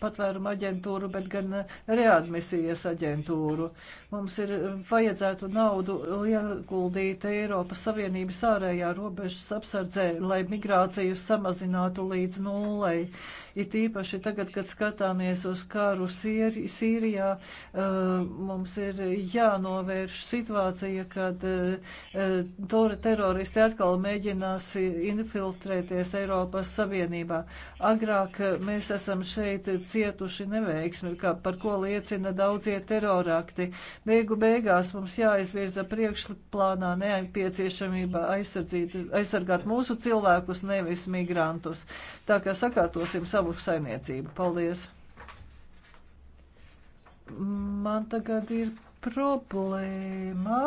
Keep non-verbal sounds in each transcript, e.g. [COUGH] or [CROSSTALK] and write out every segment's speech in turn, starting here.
patvērumu aģentūru, bet gan readmisijas aģentūru. Mums ir vajadzētu naudu ieguldīt Eiropas Savienības ārējā robežas apsardzē, lai migrāciju samazinātu līdz nulei. It īpaši tagad, kad skatāmies uz kāru Sīri, Sīrijā, eh, mums ir jānovērš situācija, kad eh, teroristi atkal mēģinās infiltrēties Eiropas Savienībā. Agrāk eh, mēs esam šeit cietuši neveiksmi, kā par ko liecina daudzie terorakti. Beigu beigās mums jāizvirza priekšplānā neapieciešamība aizsargāt mūsu cilvēkus, nevis migrantus. Tā kā sakārtosim savu labu saimniecību. Paldies! Man tagad ir problēma.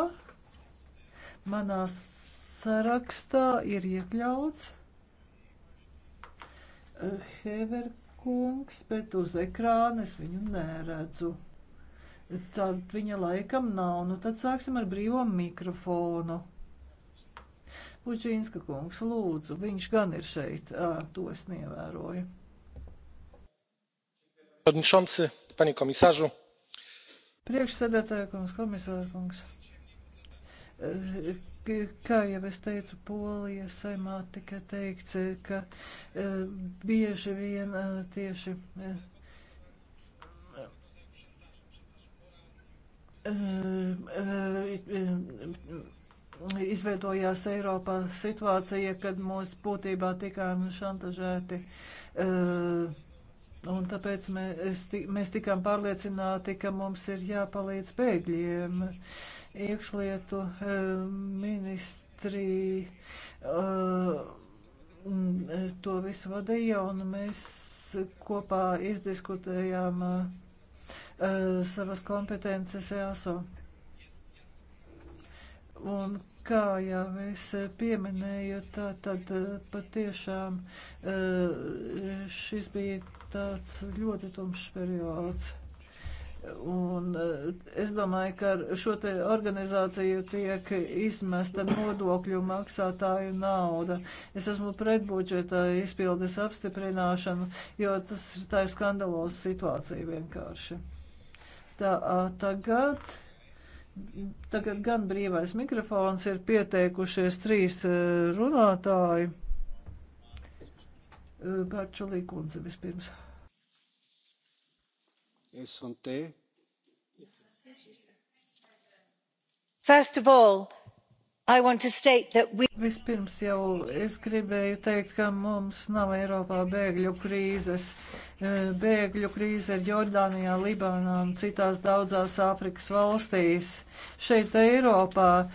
Manā sarakstā ir iekļauts eh, Heverkungs, bet uz ekrāna es viņu neredzu. Tad viņa laikam nav. Nu tad sāksim ar brīvo mikrofonu. Puģīnska kungs, lūdzu, viņš gan ir šeit. À, ah, to es neievēroju przewodniczący! panie komisarzu! Priekšsēdētāja kungs, komisāra kungs. Kā jau es teicu, Polijas saimā tika teikts, ka e, bieži vien e, tieši e, izveidojās Eiropā situācija, kad mūs būtībā tikām šantažēti uh, Un tāpēc mēs, mēs tikām pārliecināti, ka mums ir jāpalīdz bēgļiem. Iekšlietu eh, ministri eh, to visu vadīja, un mēs kopā izdiskutējām eh, savas kompetences EASO. Un kā jau es pieminēju, tā tad patiešām šis bija tāds ļoti tumšs periods. Un eh, es domāju, ka ar šo te organizāciju tiek izmesta nodokļu maksātāju nauda. Es esmu pret budžeta izpildes apstiprināšanu, jo tas tā ir skandalos situācija vienkārši. Tā, tagad. Tagad gan brīvais mikrofons ir pieteikušies trīs eh, runātāji. Bārčulī eh, kundze vispirms. Es un te. First of all, We... Vispirms jau es gribēju teikt, ka mums nav Eiropā bēgļu krīzes. Eh, bēgļu krīze ir Jordānijā, Libānā un citās daudzās Āfrikas valstīs. Šeit Eiropā eh,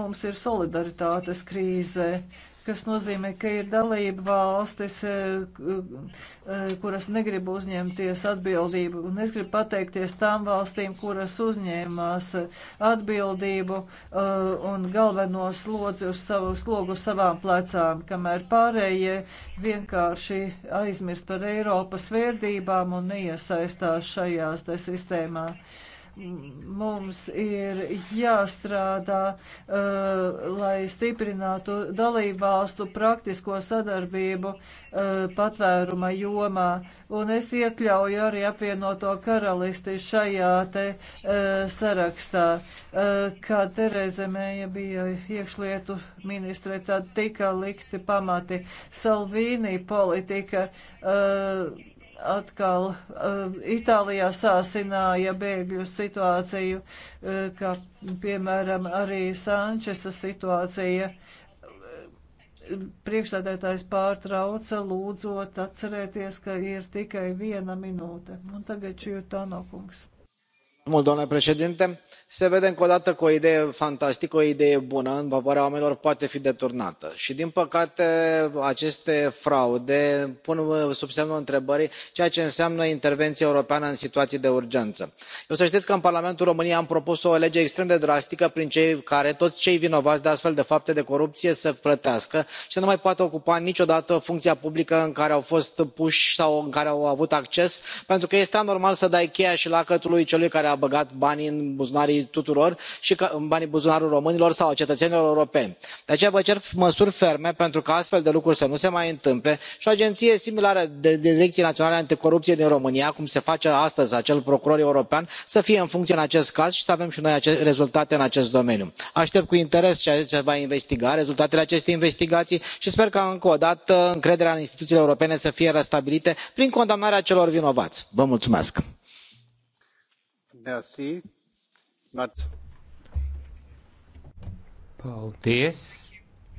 mums ir solidaritātes krīze kas nozīmē, ka ir dalība valstis, eh, eh, kuras negrib uzņemties atbildību. Un es gribu pateikties tām valstīm, kuras uzņēmās eh, atbildību un galveno slodzi uz savu slogu savām plecām, kamēr pārējie vienkārši aizmirst par Eiropas vērdībām un neiesaistās šajās te sistēmā. Mums ir jāstrādā, uh, lai stiprinātu dalībvalstu praktisko sadarbību uh, patvēruma jomā. Un es iekļauju arī apvienoto karalisti šajā te uh, sarakstā. Kā Tereze Mēja bija iekšlietu ministre, tad tika likti pamati Salvīnī politika. Uh, atkal uh, Itālijā sāsināja bēgļu situāciju, uh, eh, kā piemēram arī Sančesa situācija. Eh, priekšsēdētājs pārtrauca, lūdzot atcerēties, ka ir tikai viena minūte. Un tagad šī ir Tanokungs domnule președinte se vede încă o dată că o idee fantastică o idee bună în favoarea oamenilor poate fi deturnată și din păcate aceste fraude pun sub semnul întrebării ceea ce înseamnă intervenția europeană în situații de urgență. eu să știți că în parlamentul româniei am propus o lege extrem de drastică prin care toți cei vinovați de astfel de fapte de corupție să plătească și să nu mai poată ocupa niciodată funcția publică în care au fost puși sau în care au avut acces pentru că este anormal să dai cheia și lacătul celui care a băgat banii în buzunarul tuturor banii în buzunarul românilor sau ai cetățenilor europeni. de aceea vă cer măsuri ferme pentru ca astfel de lucruri să nu se mai întâmple și o agenție similară direcției naționale anticorupție din românia cum se face astăzi acel procuror european să fie în funcție în acest caz și să avem și noi rezultate în acest domeniu. aștept cu interes ceea ce va investiga rezultatele acestei investigații și sper ca încă o dată încrederea în instituțiile europene să fie restabilită prin condamnarea celor vinovați. vă mulțumesc. Merci. Mat. Paldies,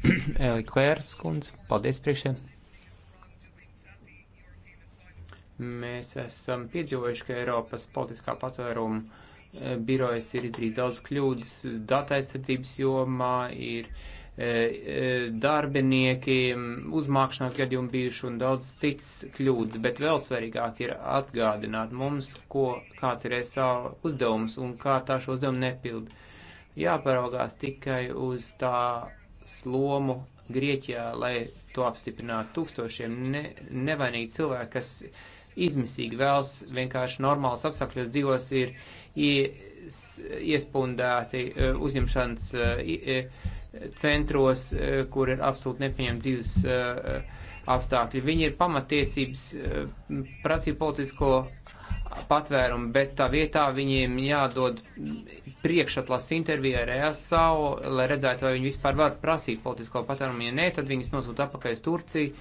[CLEARS THROAT] Eliklērs kundze. Paldies priekšē. Mēs esam piedzīvojuši, ka Eiropas politiskā patvēruma eh, birojas ir izdarījis daudz kļūdas datu aizsardzības jomā, ir uh, E, e, darbinieki, uzmākšanās gadījumi bijuši un daudz cits kļūdas, bet vēl svarīgāk ir atgādināt mums, ko, kāds ir SAO uzdevums un kā tā šo uzdevumu nepild. Jāparaugās tikai uz tā slomu Grieķijā, lai to apstiprinātu tūkstošiem ne, nevainīgi cilvēki, kas izmisīgi vēlas vienkārši normāls apsakļos dzīvos ir iespundēti e, uzņemšanas. I, i, centros, eh, kur ir absolūti nepieņem dzīves eh, apstākļi. Viņi ir pamatiesības eh, prasīja politisko patvērumu, bet tā vietā viņiem jādod priekšatlas intervijā ar ESAU, lai redzētu, vai viņi vispār var prasīt politisko patvērumu. Ja nē, tad viņas nosūta apakaļ uz Turciju,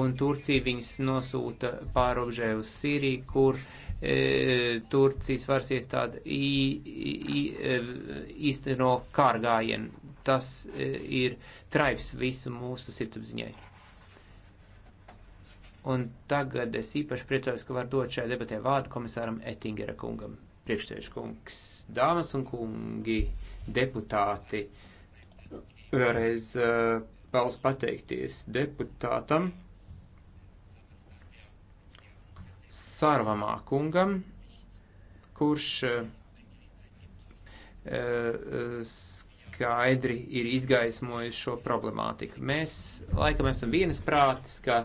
un Turcija viņas nosūta pārobežē uz Sīriju, kur e, Turcijas varas iestāde īsteno kārgājienu tas e, ir traivs visu mūsu sirdsapziņai. Un tagad es īpaši priecājos, ka var dot šai debatē vārdu komisāram Ettingera kungam. Priekšsēžu kungs, dāmas un kungi, deputāti, vēlreiz e, vēlas pateikties deputātam Sārvamā kungam, kurš uh, skaidri ir izgaismojis šo problemātiku. Mēs laikam esam vienas prātas, ka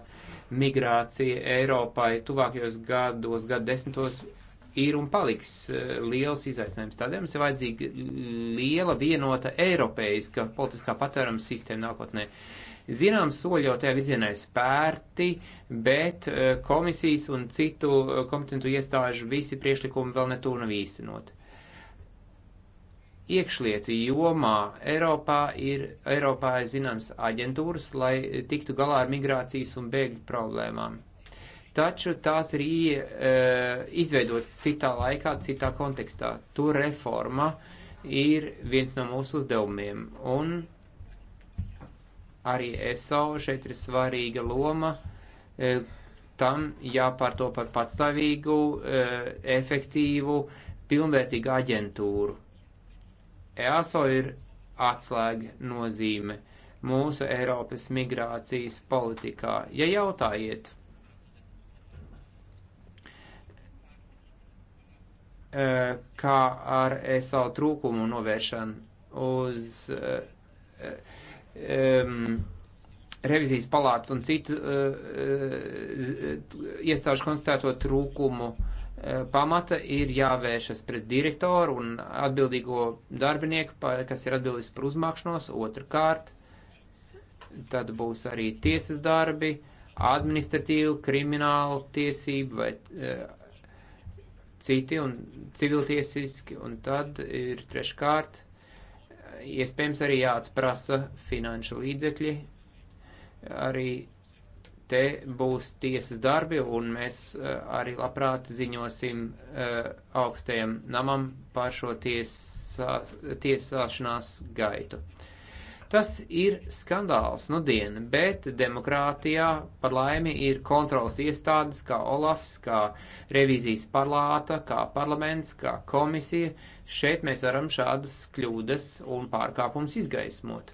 migrācija Eiropai tuvākajos gados, gadsimtos ir un paliks e, liels izaicinājums. Tādēļ mums ir vajadzīga e, liela vienota eiropeiska politiskā patvēruma sistēma nākotnē. Zinām, soļi jau tajā virzienā ir spērti, bet e, komisijas un citu kompetentu iestāžu visi priešlikumi vēl netūna īstenot iekšlietu jomā Eiropā ir, Eiropā ir zināms aģentūras, lai tiktu galā ar migrācijas un bēgļu problēmām. Taču tās ir ie, e, izveidotas citā laikā, citā kontekstā. To reforma ir viens no mūsu uzdevumiem. Un arī ESO šeit ir svarīga loma. E, tam jāpārto par patstāvīgu, e, efektīvu, pilnvērtīgu aģentūru EASO ir atslēga nozīme mūsu Eiropas migrācijas politikā. Ja jautājiet, e, kā ar ESO trūkumu novēršanu uz um, revizijas palātas un citu uh, iestāžu konstatēto trūkumu uh, Eh, pamata ir jāvēršas pret direktoru un atbildīgo darbinieku, kas ir atbildīgs par uzmākšanos, otrkārt, tad būs arī tiesas darbi, administratīva, krimināla tiesība vai eh, citi un civiltiesiski, un tad ir treškārt, iespējams arī jāatprasa finanšu līdzekļi, arī Te būs tiesas darbi, un mēs eh, arī labprāt ziņosim eh, augstajam namam par šo tiesā, tiesāšanās gaitu. Tas ir skandāls nu diena, bet demokrātijā par laimi ir kontrols iestādes kā Olafs, kā revīzijas parlāta, kā parlaments, kā komisija. Šeit mēs varam šādas kļūdas un pārkāpumus izgaismot.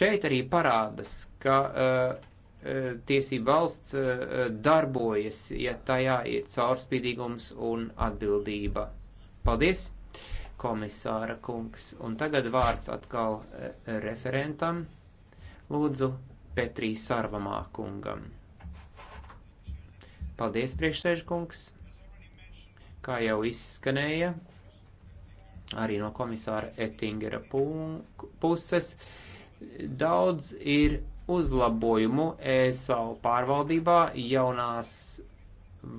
Šeit arī parādas, ka uh, E, tiesība valsts e, e, darbojas, ja tajā ir caurspīdīgums un atbildība. Paldies, komisāra kungs. Un tagad vārds atkal referentam, lūdzu, Petrī Sarvamā kungam. Paldies, priekšsēžkungs. Kā jau izskanēja, arī no komisāra Ettingera puses, daudz ir uzlabojumu ESAU pārvaldībā jaunās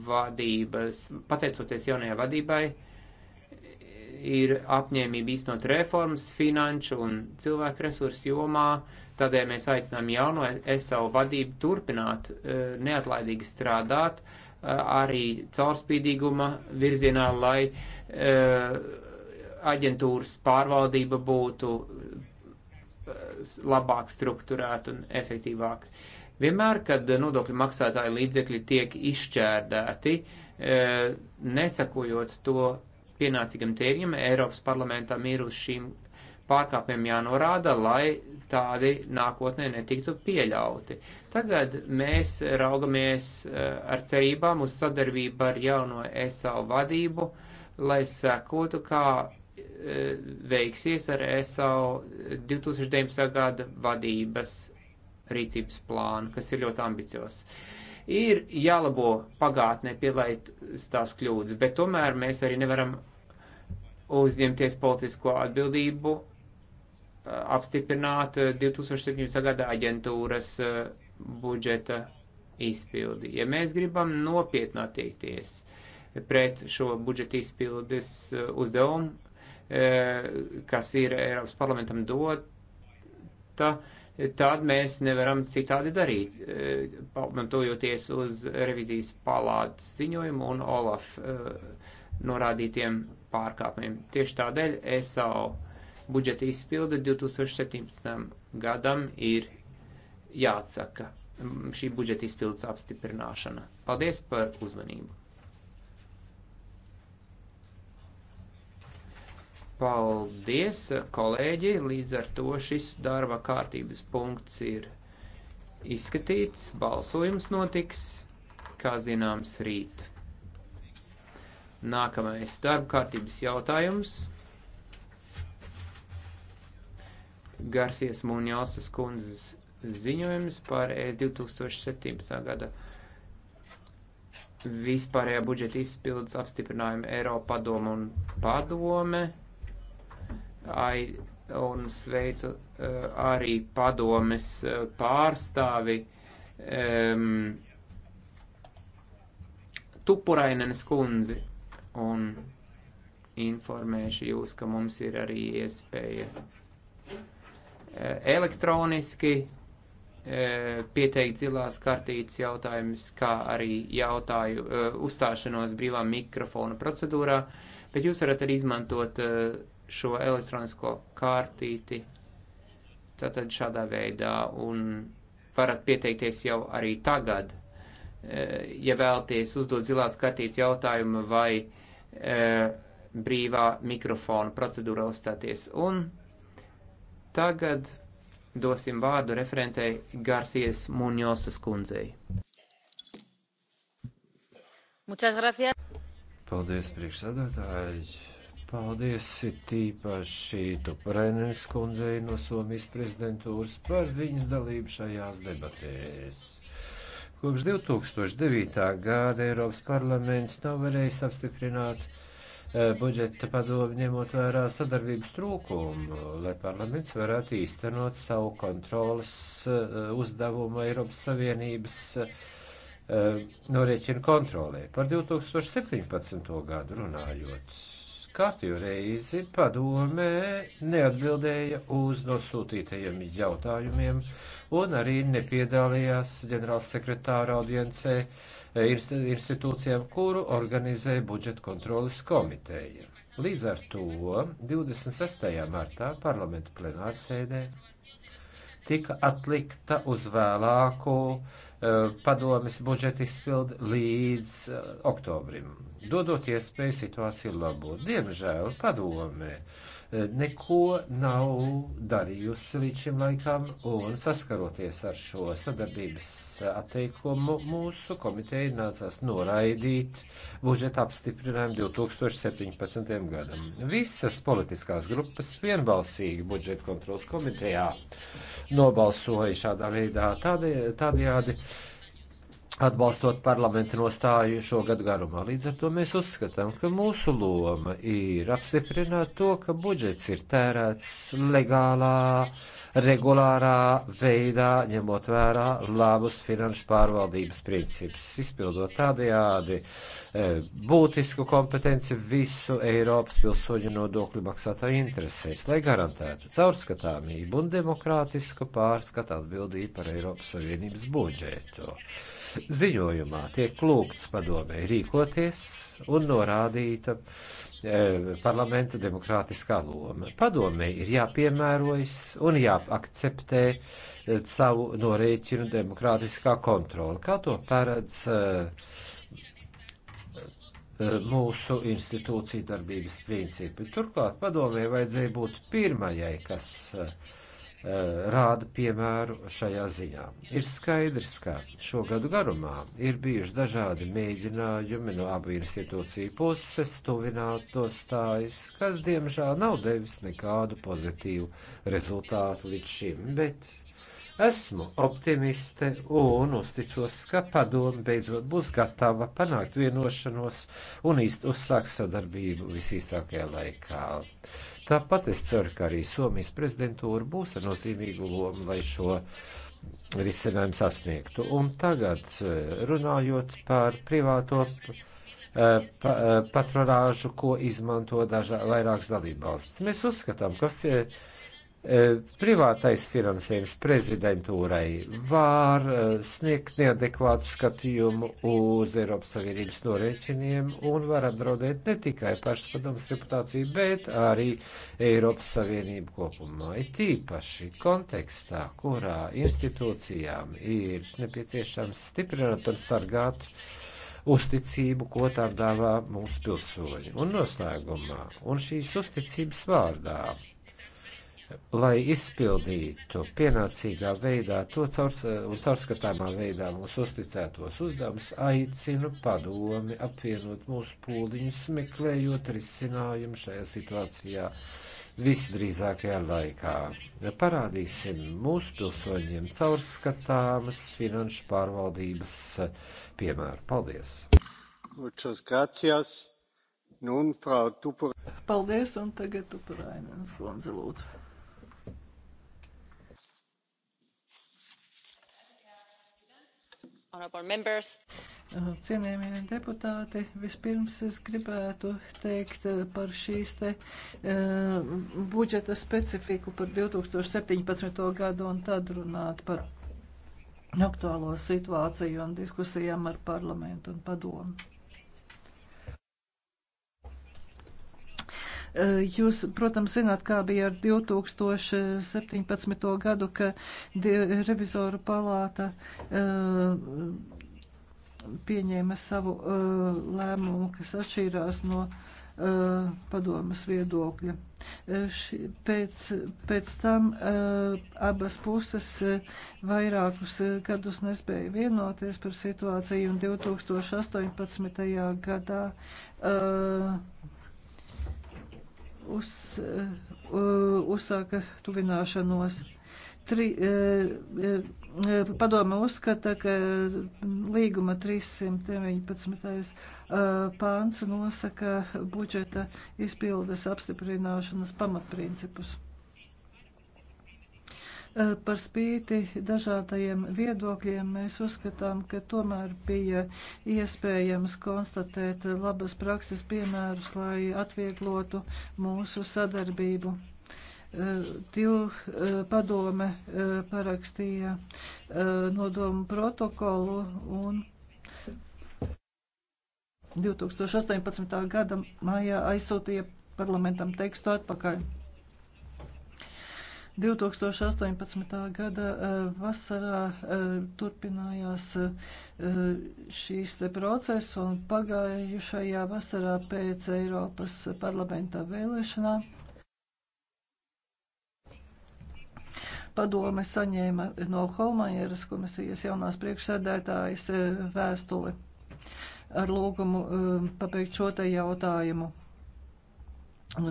vadības, pateicoties jaunajai vadībai, ir apņēmība īstenot reformas finanšu un cilvēku resursu jomā, tādēļ mēs aicinām jauno ESAU vadību turpināt e, neatlaidīgi strādāt e, arī caurspīdīguma virzienā, lai e, aģentūras pārvaldība būtu labāk strukturēta un efektīvāka. Vienmēr, kad nodokļu maksātāju līdzekļi tiek izšķērdēti, e, nesakojot to pienācīgam tēriņam, Eiropas parlamentam ir uz šīm pārkāpumiem jānorāda, lai tādi nākotnē netiktu pieļauti. Tagad mēs raugamies e, ar cerībām uz sadarbību ar jauno ESAU vadību, lai sekotu, kā veiksies ar ESO 2019. gada vadības rīcības plānu, kas ir ļoti ambicios. Ir jālabo pagātnē pielaist tās kļūdas, bet tomēr mēs arī nevaram uzņemties politisko atbildību apstiprināt 2017. gada aģentūras eh, budžeta izpildi. Ja mēs gribam nopietni attiekties pret šo budžeta izpildes eh, uzdevumu, Eh, kas ir Eiropas parlamentam dota, tad mēs nevaram citādi darīt, eh, pamatojoties uz revizijas palātas ziņojumu un Olaf eh, norādītiem pārkāpumiem. Tieši tādēļ SAO budžeta izpilde 2017. gadam ir jāatsaka mm, šī budžeta izpildes apstiprināšana. Paldies par uzmanību! Paldies, kolēģi! Līdz ar to šis darba kārtības punkts ir izskatīts, balsojums notiks, kā zināms, rīt. Nākamais darba kārtības jautājums. Garsies Muņāsas kundzes ziņojums par ES 2017. gada vispārējā budžeta izpildes apstiprinājumu Eiropa padoma un padome ai, un sveicu eh, arī padomes eh, pārstāvi um, Tupurainenes kundzi un informēšu jūs, ka mums ir arī iespēja eh, elektroniski pieteikt zilās kartītes jautājumus, kā arī jautāju uzstāšanos brīvā mikrofona procedūrā, bet jūs varat arī izmantot uh, šo elektronisko kārtīti tātad šādā veidā un varat pieteikties jau arī tagad, e, ja vēlties uzdot zilās kartītes jautājumu vai e, brīvā mikrofona procedūra uzstāties. Un tagad dosim vārdu referentei Garcies Muņosas kundzei. Paldies, priekšsēdētāji! Paldies tīpaši Tuprenes kundzei no Somijas prezidentūras par viņas dalību šajās debatēs. Kopš 2009. gada Eiropas parlaments nav varējis apstiprināt eh, budžeta padomu ņemot vērā sadarbības trūkumu, lai parlaments varētu īstenot savu kontrolas eh, uzdevumu Eiropas Savienības eh, norēķinu kontrolē. Par 2017. gadu runājot, kārtējo reizi padomē neatbildēja uz nosūtītajiem jautājumiem un arī nepiedalījās ģenerālsekretāra audiencē eh, institūcijām, kuru organizēja budžeta kontrolas komiteja. Līdz ar to 26. martā parlamenta plenārsēdē tika atlikta uz vēlāko uh, Eh, padomes budžeta izpildi līdz eh, oktobrim, dodot iespēju situāciju labot. Diemžēl padome eh, neko nav darījusi līdz šim laikam, un saskaroties ar šo sadarbības atteikumu, mūsu komiteja nācās noraidīt budžeta apstiprinājumu 2017. gadam. Visas politiskās grupas vienbalsīgi budžeta kontrolas komitejā nobalsoja šādā veidā tādējādi. Tādējādi atbalstot parlamenta nostāju šo gadu garumā. Līdz ar to mēs uzskatām, ka mūsu loma ir apstiprināt to, ka budžets ir tērēts legālā, uh, regulārā veidā, ņemot vērā labus finanšu pārvaldības principus, izpildot tādajādi e, būtisku kompetenci visu Eiropas pilsoņu nodokļu maksātāju interesēs, lai garantētu caurskatāmību un demokrātisku pārskatu atbildību par Eiropas Savienības budžetu. Ziņojumā tiek lūgts padomē rīkoties un norādīta E, parlamenta demokrātiskā loma. Padomē ir jāpiemērojas un jāakceptē e, savu norēķinu demokrātiskā kontrola, kā to paredz e, mūsu institūciju darbības principi. Turklāt padomē vajadzēja būt pirmajai, kas uh, Eh, rāda piemēru šajā ziņā. Ir skaidrs, ka šo gadu garumā ir bijuši dažādi mēģinājumi no abu institūciju puses tuvināt tos stājas, kas diemžēl nav devis nekādu pozitīvu rezultātu līdz šim, bet esmu optimiste un uzticos, ka padomu beidzot būs gatava panākt vienošanos un īsti uzsāks sadarbību visīsākajā laikā. Tāpat es ceru, ka arī Somijas prezidentūra būs ar nozīmīgu lomu, lai šo risinājumu sasniegtu. Un tagad eh, runājot par privāto eh, pa, eh, patronāžu, ko izmanto dažā, vairākas dalībvalstis. Mēs uzskatām, ka E, privātais finansējums prezidentūrai var e, sniegt neadekvātu skatījumu uz Eiropas Savienības norēķiniem un var apdraudēt ne tikai pašas padomas reputāciju, bet arī Eiropas Savienību kopumā. Ir tīpaši kontekstā, kurā institūcijām ir nepieciešams stiprināt un sargāt uzticību, ko tām dāvā mūsu pilsoņi. Un noslēgumā, un šīs uzticības vārdā lai izpildītu pienācīgā veidā to caurs, un caurskatāmā veidā mūsu uzticētos uzdevumus, aicinu padomi apvienot mūsu pūliņus, meklējot risinājumu šajā situācijā visdrīzākajā laikā. Parādīsim mūsu pilsoņiem caurskatāmas finanšu pārvaldības piemēru. Paldies! Muchas gracias. Nun, Frau Tupur. Paldies, un tagad Tupurainens, Gonze, lūdzu. Uh, cienījamie deputāti, vispirms es gribētu teikt uh, par šīs te uh, budžeta specifiku par 2017. gadu un tad runāt par aktuālo situāciju un diskusijām ar parlamentu un padomu. Eh, jūs, protams, zināt, kā bija ar 2017. gadu, ka revizoru palāta eh, pieņēma savu eh, lēmumu, kas atšķīrās no padomas viedokļa. Ši, pēc, pēc tam abas puses vairākus gadus nespēja vienoties par situāciju un 2018. gadā uz, eh, uzsāka tuvināšanos. Tri, eh, eh, padoma uzskata, ka līguma 319. pāns nosaka budžeta izpildes apstiprināšanas pamatprincipus. Eh, par spīti dažādajiem viedokļiem mēs uzskatām, ka tomēr bija iespējams konstatēt labas prakses piemērus, lai atvieglotu mūsu sadarbību. Divu eh, eh, padome parakstīja nodomu protokolu un 2018. gada maijā aizsūtīja parlamentam tekstu atpakaļ. 2018. gada eh, vasarā eh, turpinājās eh, šīs te procesi un pagājušajā vasarā pēc Eiropas parlamentā vēlēšanā padome saņēma no Holmajeras komisijas jaunās priekšsēdētājas vēstuli ar lūgumu pabeigt šo te jautājumu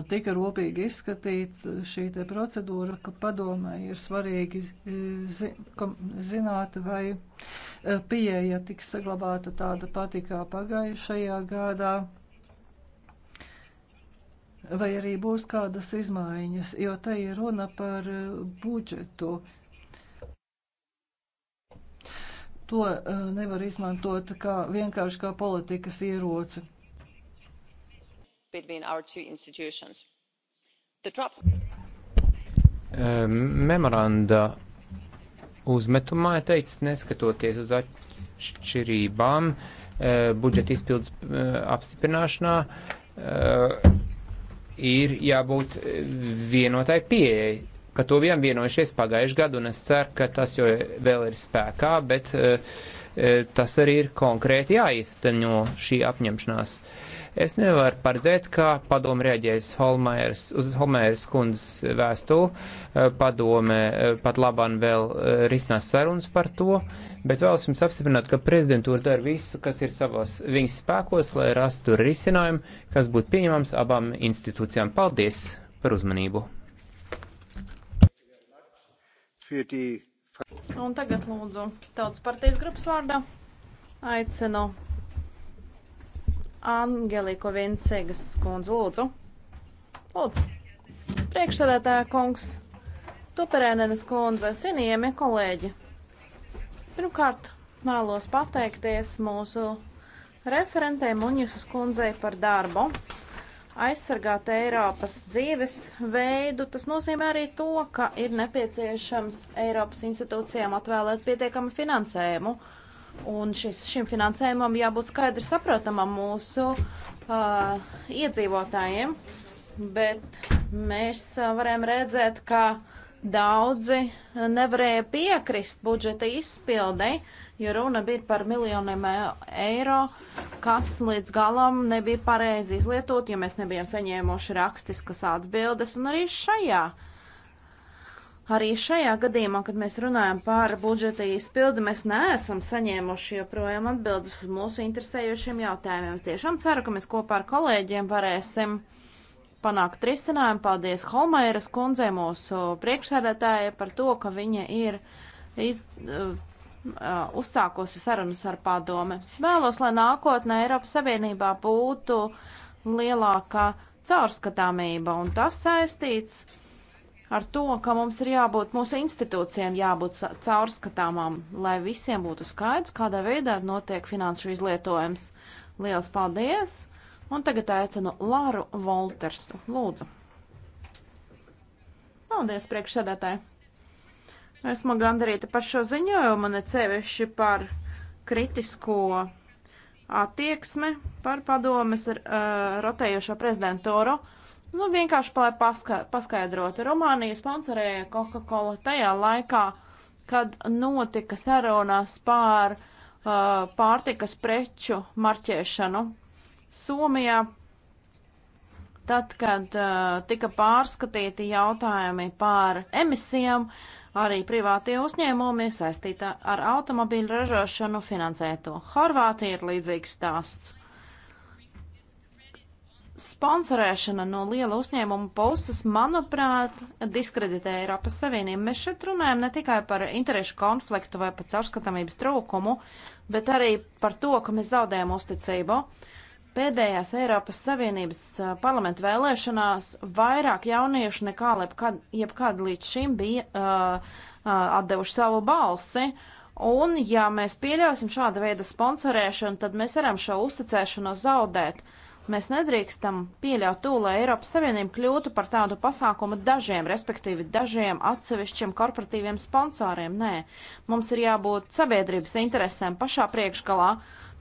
tika rūpīgi izskatīta šī procedūra, ka padomē ir svarīgi e, zināt, vai e, pieeja tiks saglabāta tāda pati kā pagājušajā gadā, vai arī būs kādas izmaiņas, jo te ir runa par e, budžetu. To nevar izmantot kā vienkārši kā politikas ieroci between our two institutions. The draft... Memoranda uzmetumā ir teikts, neskatoties uz atšķirībām e, budžeta izpildes e, apstiprināšanā, e, ir jābūt vienotai pieejai. Par to bijām vienojušies pagājuši gadu, un es ceru, ka tas jau vēl ir spēkā, bet tas arī ir konkrēti jāizteņo šī apņemšanās. Uh, Es nevaru paredzēt, kā padomu reaģēs Holmēras, uz Holmēras kundzes vēstuli. Eh, padome eh, pat labāk vēl eh, risinās sarunas par to, bet vēlos jums apstiprināt, ka prezidentūra dara visu, kas ir savos viņas spēkos, lai rastu risinājumu, kas būtu pieņemams abām institūcijām. Paldies par uzmanību! Un tagad lūdzu tautas partijas grupas vārdā aicinu Angeliko Vincegas kundze, lūdzu. Lūdzu. Priekšsēdētāja kungs, Tuperēnenes kundze, cienījamie kolēģi. Pirmkārt, vēlos pateikties mūsu referentēm un jūsu skundzei par darbu. Aizsargāt Eiropas dzīves veidu, tas nozīmē arī to, ka ir nepieciešams Eiropas institūcijām atvēlēt pietiekamu finansējumu. Uh, Un šis, šim finansējumam jābūt skaidri saprotamam mūsu uh, iedzīvotājiem, bet mēs uh, varējām redzēt, ka daudzi uh, nevarēja piekrist budžeta izpildei, jo runa bija par miljoniem uh, eiro, kas līdz galam nebija pareizi izlietot, jo mēs nebijām saņēmuši rakstiskas atbildes, un arī šajā uh, Arī šajā gadījumā, kad mēs runājam par budžeta izpildi, mēs neesam saņēmuši joprojām atbildes uz mūsu interesējošiem jautājumiem. Es tiešām ceru, ka mēs kopā ar kolēģiem varēsim panākt risinājumu. Paldies Holmairas kundzei, mūsu priekšsēdētājai, par to, ka viņa ir iz, uh, uh, uzsākusi sarunas ar padome. Vēlos, lai nākotnē Eiropas Savienībā būtu lielākā caurskatāmība, un tas saistīts ar to, ka mums ir jābūt mūsu institūcijām, jābūt caurskatāmām, lai visiem būtu skaidrs, kādā veidā notiek finanšu izlietojums. Lielas paldies! Un tagad aicinu Lāru Voltersu. Lūdzu! Paldies, priekšsēdētāji! Esmu gandarīta par šo ziņojumu, ne cevišķi par kritisko attieksmi par padomes ar uh, rotējošo prezidentūru. Uh, Nu, vienkārši, lai paska, paskaidrotu, Rumānija sponsorēja Coca-Cola tajā laikā, kad notika sarunās pār uh, pārtikas preču marķēšanu Somijā. Tad, kad uh, tika pārskatīti jautājumi par emisijām, arī privātie uzņēmumi saistīta ar automobīļu ražošanu finansēto. Horvātija ir līdzīgs stāsts sponsorēšana no liela uzņēmuma puses, manuprāt, diskreditē Eiropas Savienību. Mēs šeit runājam ne tikai par interešu konfliktu vai par caurskatāmības trūkumu, bet arī par to, ka mēs zaudējam uzticību. Pēdējās Eiropas Savienības parlamenta vēlēšanās vairāk jauniešu nekā jebkad, jebkad līdz šim bija uh, uh, atdevuši savu balsi. Un, ja mēs pieļausim šāda veida sponsorēšanu, tad mēs varam šo uzticēšanos zaudēt. Uh, Mēs nedrīkstam pieļaut to, lai Eiropas Savienība kļūtu par tādu pasākumu dažiem, respektīvi dažiem atsevišķiem korporatīviem sponsoriem. Nē, mums ir jābūt sabiedrības interesēm pašā priekšgalā.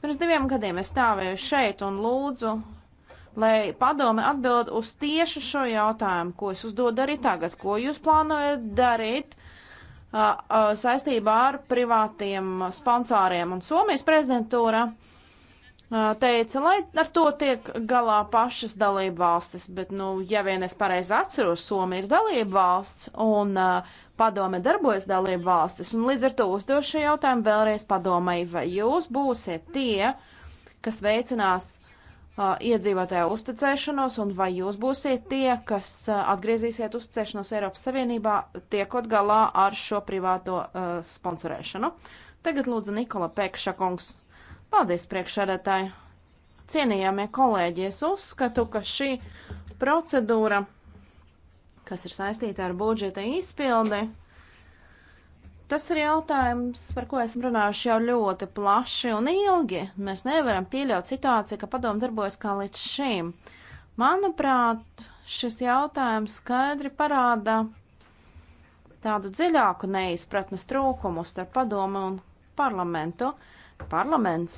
Pirms diviem gadiem es stāvēju šeit un lūdzu, lai padome atbild uz tieši šo jautājumu, ko es uzdodu arī tagad. Ko jūs plānojat darīt? saistībā ar privātiem sponsoriem. Un Somijas prezidentūra uh, teica, lai ar to tiek galā pašas dalību valstis, bet, nu, ja vien es pareizi atceros, Somija ir dalību valsts un uh, padome darbojas dalību valstis, un līdz ar to uzdošu jautājumu vēlreiz padomai, vai jūs būsiet tie, kas veicinās uh, iedzīvotāju uzticēšanos, un vai jūs būsiet tie, kas uh, atgriezīsiet uzticēšanos Eiropas Savienībā, tiekot galā ar šo privāto uh, sponsorēšanu. Tagad lūdzu Nikola Pekša kungs. Paldies, priekšsēdētāji! Cienījamie kolēģi, es uzskatu, ka šī procedūra, kas ir saistīta ar budžeta izpildi, Tas ir jautājums, par ko esam runājuši jau ļoti plaši un ilgi. Mēs nevaram pieļaut situāciju, ka padomu darbojas kā līdz šim. Manuprāt, šis jautājums skaidri parāda tādu dziļāku neizpratnes trūkumu starp padomu un parlamentu. Uh, Parlaments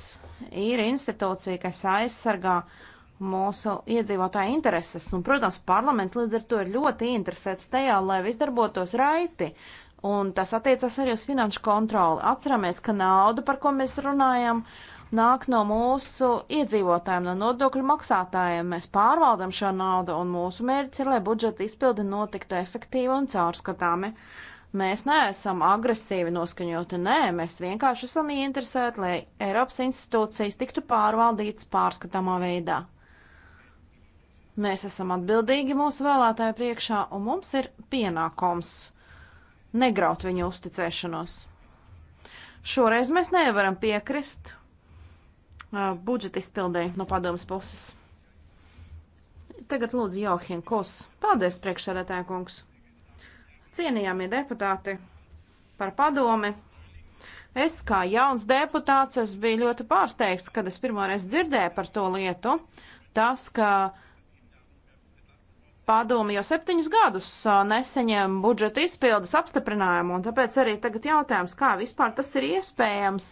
ir institūcija, kas aizsargā mūsu iedzīvotāju intereses, un, protams, parlaments līdz ar to ir ļoti interesēts tajā, lai viss darbotos raiti, un tas attiecas arī uz finanšu kontroli. Atceramies, ka nauda, par ko mēs runājam, nāk no mūsu iedzīvotājiem, no nodokļu maksātājiem. Mēs pārvaldam šo naudu, un mūsu mērķis ir, lai budžeta izpildi notiktu efektīvi un caurskatāmi. Mēs neesam agresīvi noskaņoti, nē, mēs vienkārši esam ieinteresēti, lai Eiropas institūcijas tiktu pārvaldītas pārskatāmā veidā. Mēs esam atbildīgi mūsu vēlētāju priekšā, un mums ir pienākums negraut viņu uzticēšanos. Šoreiz mēs nevaram piekrist uh, budžeta izpildēji no padomas puses. Tagad lūdzu Johin Kos. Paldies, priekšsēdētāja kungs! Cienījamie deputāti par padomi. Es kā jauns deputāts es biju ļoti pārsteigts, kad es pirmoreiz dzirdēju par to lietu. Tas, ka padomi jau septiņus gadus neseņēma budžeta izpildes apstiprinājumu, un tāpēc arī tagad jautājums, kā vispār tas ir iespējams.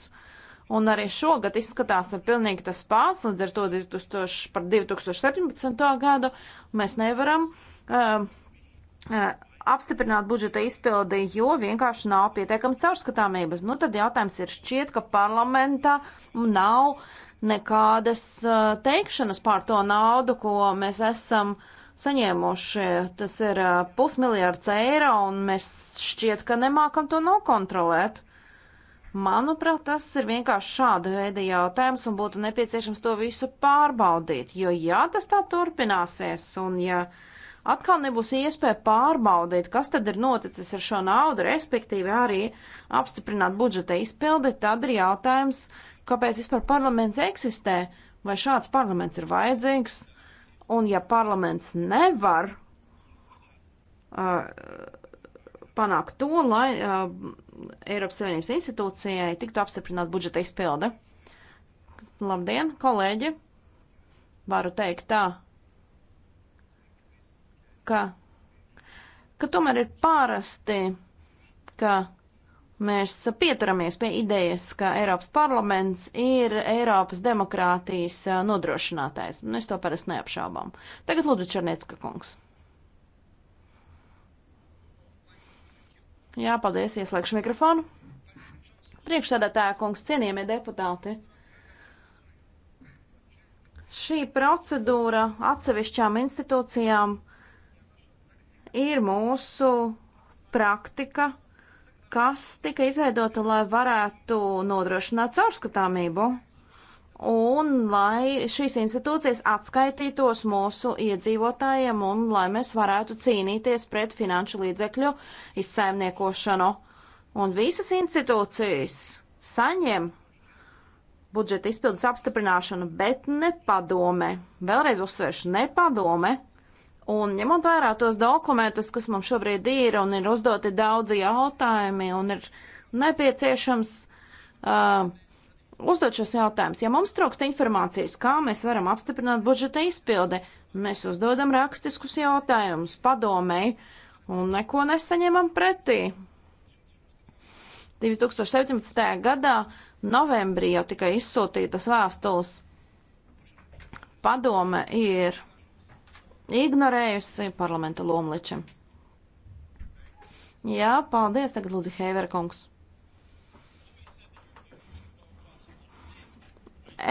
Un arī šogad izskatās ir pilnīgi tas pats, līdz ar to 2000, par 2017. gadu mēs nevaram uh, uh, apstiprināt budžeta izpildi, jo vienkārši nav pietiekams caurskatāmības. Nu, tad jautājums ir šķiet, ka parlamentā nav nekādas teikšanas pār to naudu, ko mēs esam saņēmuši. Tas ir pusmiljārds eiro, un mēs šķiet, ka nemākam to nokontrolēt. Manuprāt, tas ir vienkārši šāda veida jautājums, un būtu nepieciešams to visu pārbaudīt, jo ja tas tā turpināsies, un ja. Uh, atkal nebūs iespēja pārbaudīt, kas tad ir noticis ar šo naudu, respektīvi arī apstiprināt budžeta izpildi, tad ir jautājums, kāpēc vispār parlaments eksistē, vai šāds parlaments ir vajadzīgs, un ja parlaments nevar uh, panākt to, lai uh, Eiropas Savienības institūcijai tiktu apstiprināta budžeta izpilde. Labdien, kolēģi! Varu teikt tā, ka, ka tomēr ir pārasti, ka mēs pieturamies pie idejas, ka Eiropas parlaments ir Eiropas demokrātijas nodrošinātājs. Mēs to parasti neapšaubām. Tagad lūdzu Černiecka kungs. Jā, paldies, ieslēgšu mikrofonu. Priekšsēdētāja kungs, cienījamie deputāti. Šī procedūra atsevišķām institūcijām ir mūsu praktika, kas tika izveidota, lai varētu nodrošināt caurskatāmību un lai šīs institūcijas atskaitītos mūsu iedzīvotājiem un lai mēs varētu cīnīties pret finanšu līdzekļu izsaimniekošanu. Un visas institūcijas saņem budžeta izpildes apstiprināšanu, bet ne padome. Vēlreiz uzsveršu, ne padome, Un ņemot vērā tos dokumentus, kas mums šobrīd ir, un ir uzdoti daudzi jautājumi, un ir nepieciešams uh, uzdot šos jautājumus. Ja mums trūkst informācijas, kā mēs varam apstiprināt budžeta izpildi, mēs uzdodam rakstiskus jautājumus padomēji un neko nesaņemam pretī. 2017. gadā novembrī jau tikai izsūtītas vēstules padome ir ignorējusi parlamenta lomu līdz šim. Jā, paldies, tagad lūdzu Heiverkungs.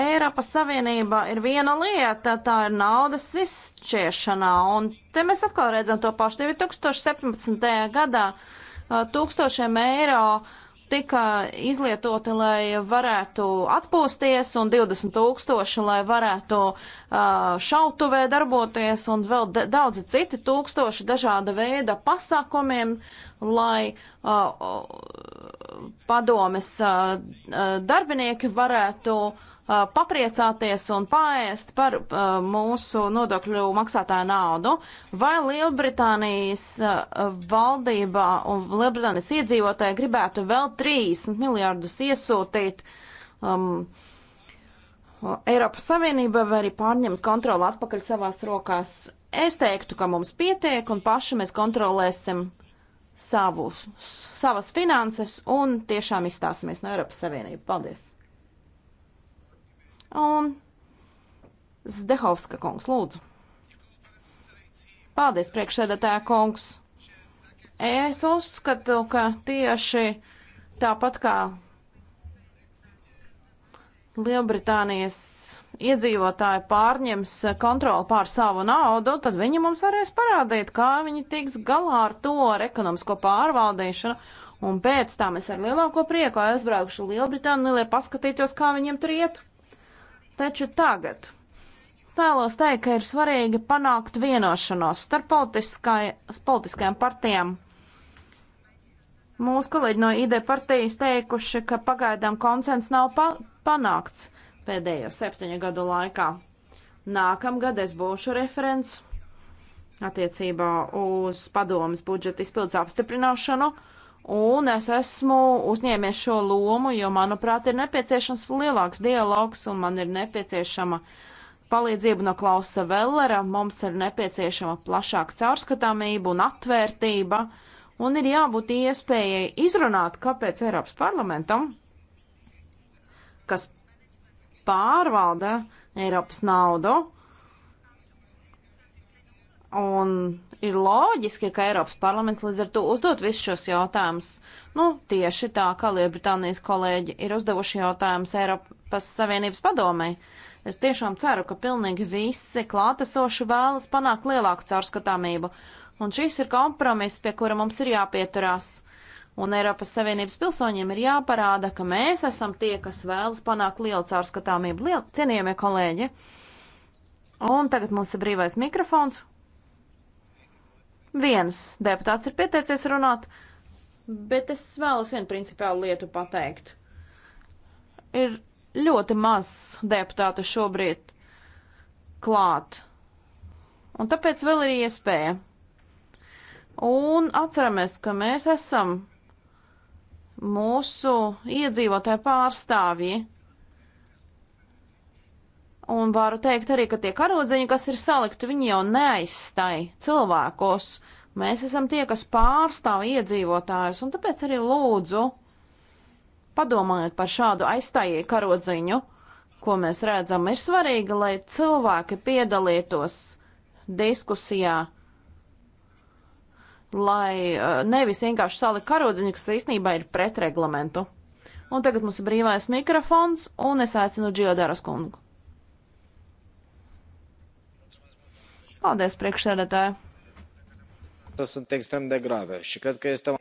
Eiropas Savienība ir viena lieta, tā ir naudas izšķiešanā, un te mēs atkal redzam to pašu 2017. gadā tūkstošiem eiro tika izlietoti, lai varētu atpūsties, un 20 tūkstoši, lai varētu uh, šautuvē darboties, un vēl daudzi citi tūkstoši dažāda veida pasākumiem, lai uh, padomes uh, darbinieki varētu uh, Uh, papriecāties un paēst par uh, mūsu nodokļu maksātāju naudu, vai Lielbritānijas uh, valdībā un Lielbritānijas iedzīvotāji gribētu vēl 30 miljārdus iesūtīt um, Eiropas Savienībā vai arī pārņemt kontroli atpakaļ savās rokās. Es teiktu, ka mums pietiek un paši mēs kontrolēsim savus, savas finanses un tiešām izstāsimies no Eiropas Savienības. Paldies! Un Zdehovska kungs, lūdzu. Paldies, priekšsēdētāja kungs. Es uzskatu, ka tieši tāpat kā Lielbritānijas iedzīvotāji pārņems kontroli pār savu naudu, tad viņi mums varēs parādīt, kā viņi tiks galā ar to ar ekonomisko pārvaldīšanu. Un pēc tam es ar lielāko prieku aizbraukšu Lielbritāniju, lai paskatītos, kā viņiem tur iet. Taču tagad vēlos teikt, ka ir svarīgi panākt vienošanos starp politiskai, politiskajām partijām. Mūsu kolēģi no ID partijas teikuši, ka pagaidām konsens nav pa panākts pēdējo septiņu gadu laikā. Nākamgad es būšu referents attiecībā uz padomas budžeta izpildes apstiprināšanu. Uh, Un es esmu uzņēmies šo lomu, jo, manuprāt, ir nepieciešams lielāks dialogs un man ir nepieciešama palīdzība no Klausa Vellera. Mums ir nepieciešama plašāka caurskatāmība un atvērtība. Un ir jābūt iespējai izrunāt, kāpēc Eiropas parlamentam, kas pārvalda Eiropas naudu un ir loģiski, ka Eiropas parlaments līdz ar to uzdot visus šos jautājumus. Nu, tieši tā, kā Lielbritānijas kolēģi ir uzdevuši jautājumus Eiropas Savienības padomei. Es tiešām ceru, ka pilnīgi visi klātesoši vēlas panākt lielāku caurskatāmību, un šis ir kompromiss, pie kura mums ir jāpieturās. Un Eiropas Savienības pilsoņiem ir jāparāda, ka mēs esam tie, kas vēlas panākt lielu caurskatāmību, liel, cienījamie kolēģi. Un tagad mums ir brīvais mikrofons, Viens deputāts ir pieteicies runāt, bet es vēlos vienu principiālu lietu pateikt. Ir ļoti maz deputātu šobrīd klāt, un tāpēc vēl ir iespēja. Un atceramies, ka mēs esam mūsu iedzīvotāju pārstāvji un varu teikt arī, ka tie karodziņi, kas ir salikti, viņi jau neaizstāj cilvēkos. Mēs esam tie, kas pārstāv iedzīvotājus, un tāpēc arī lūdzu padomājiet par šādu aizstājēju karodziņu, ko mēs redzam. Ir svarīgi, lai cilvēki piedalītos diskusijā, lai eh, nevis vienkārši salikt karodziņu, kas īstenībā ir pret reglamentu. Un tagad mums ir brīvais mikrofons, un es aicinu Džiodaras kungu. Paldies, priekšsēdētāji! Tas ir ekstrem de grave.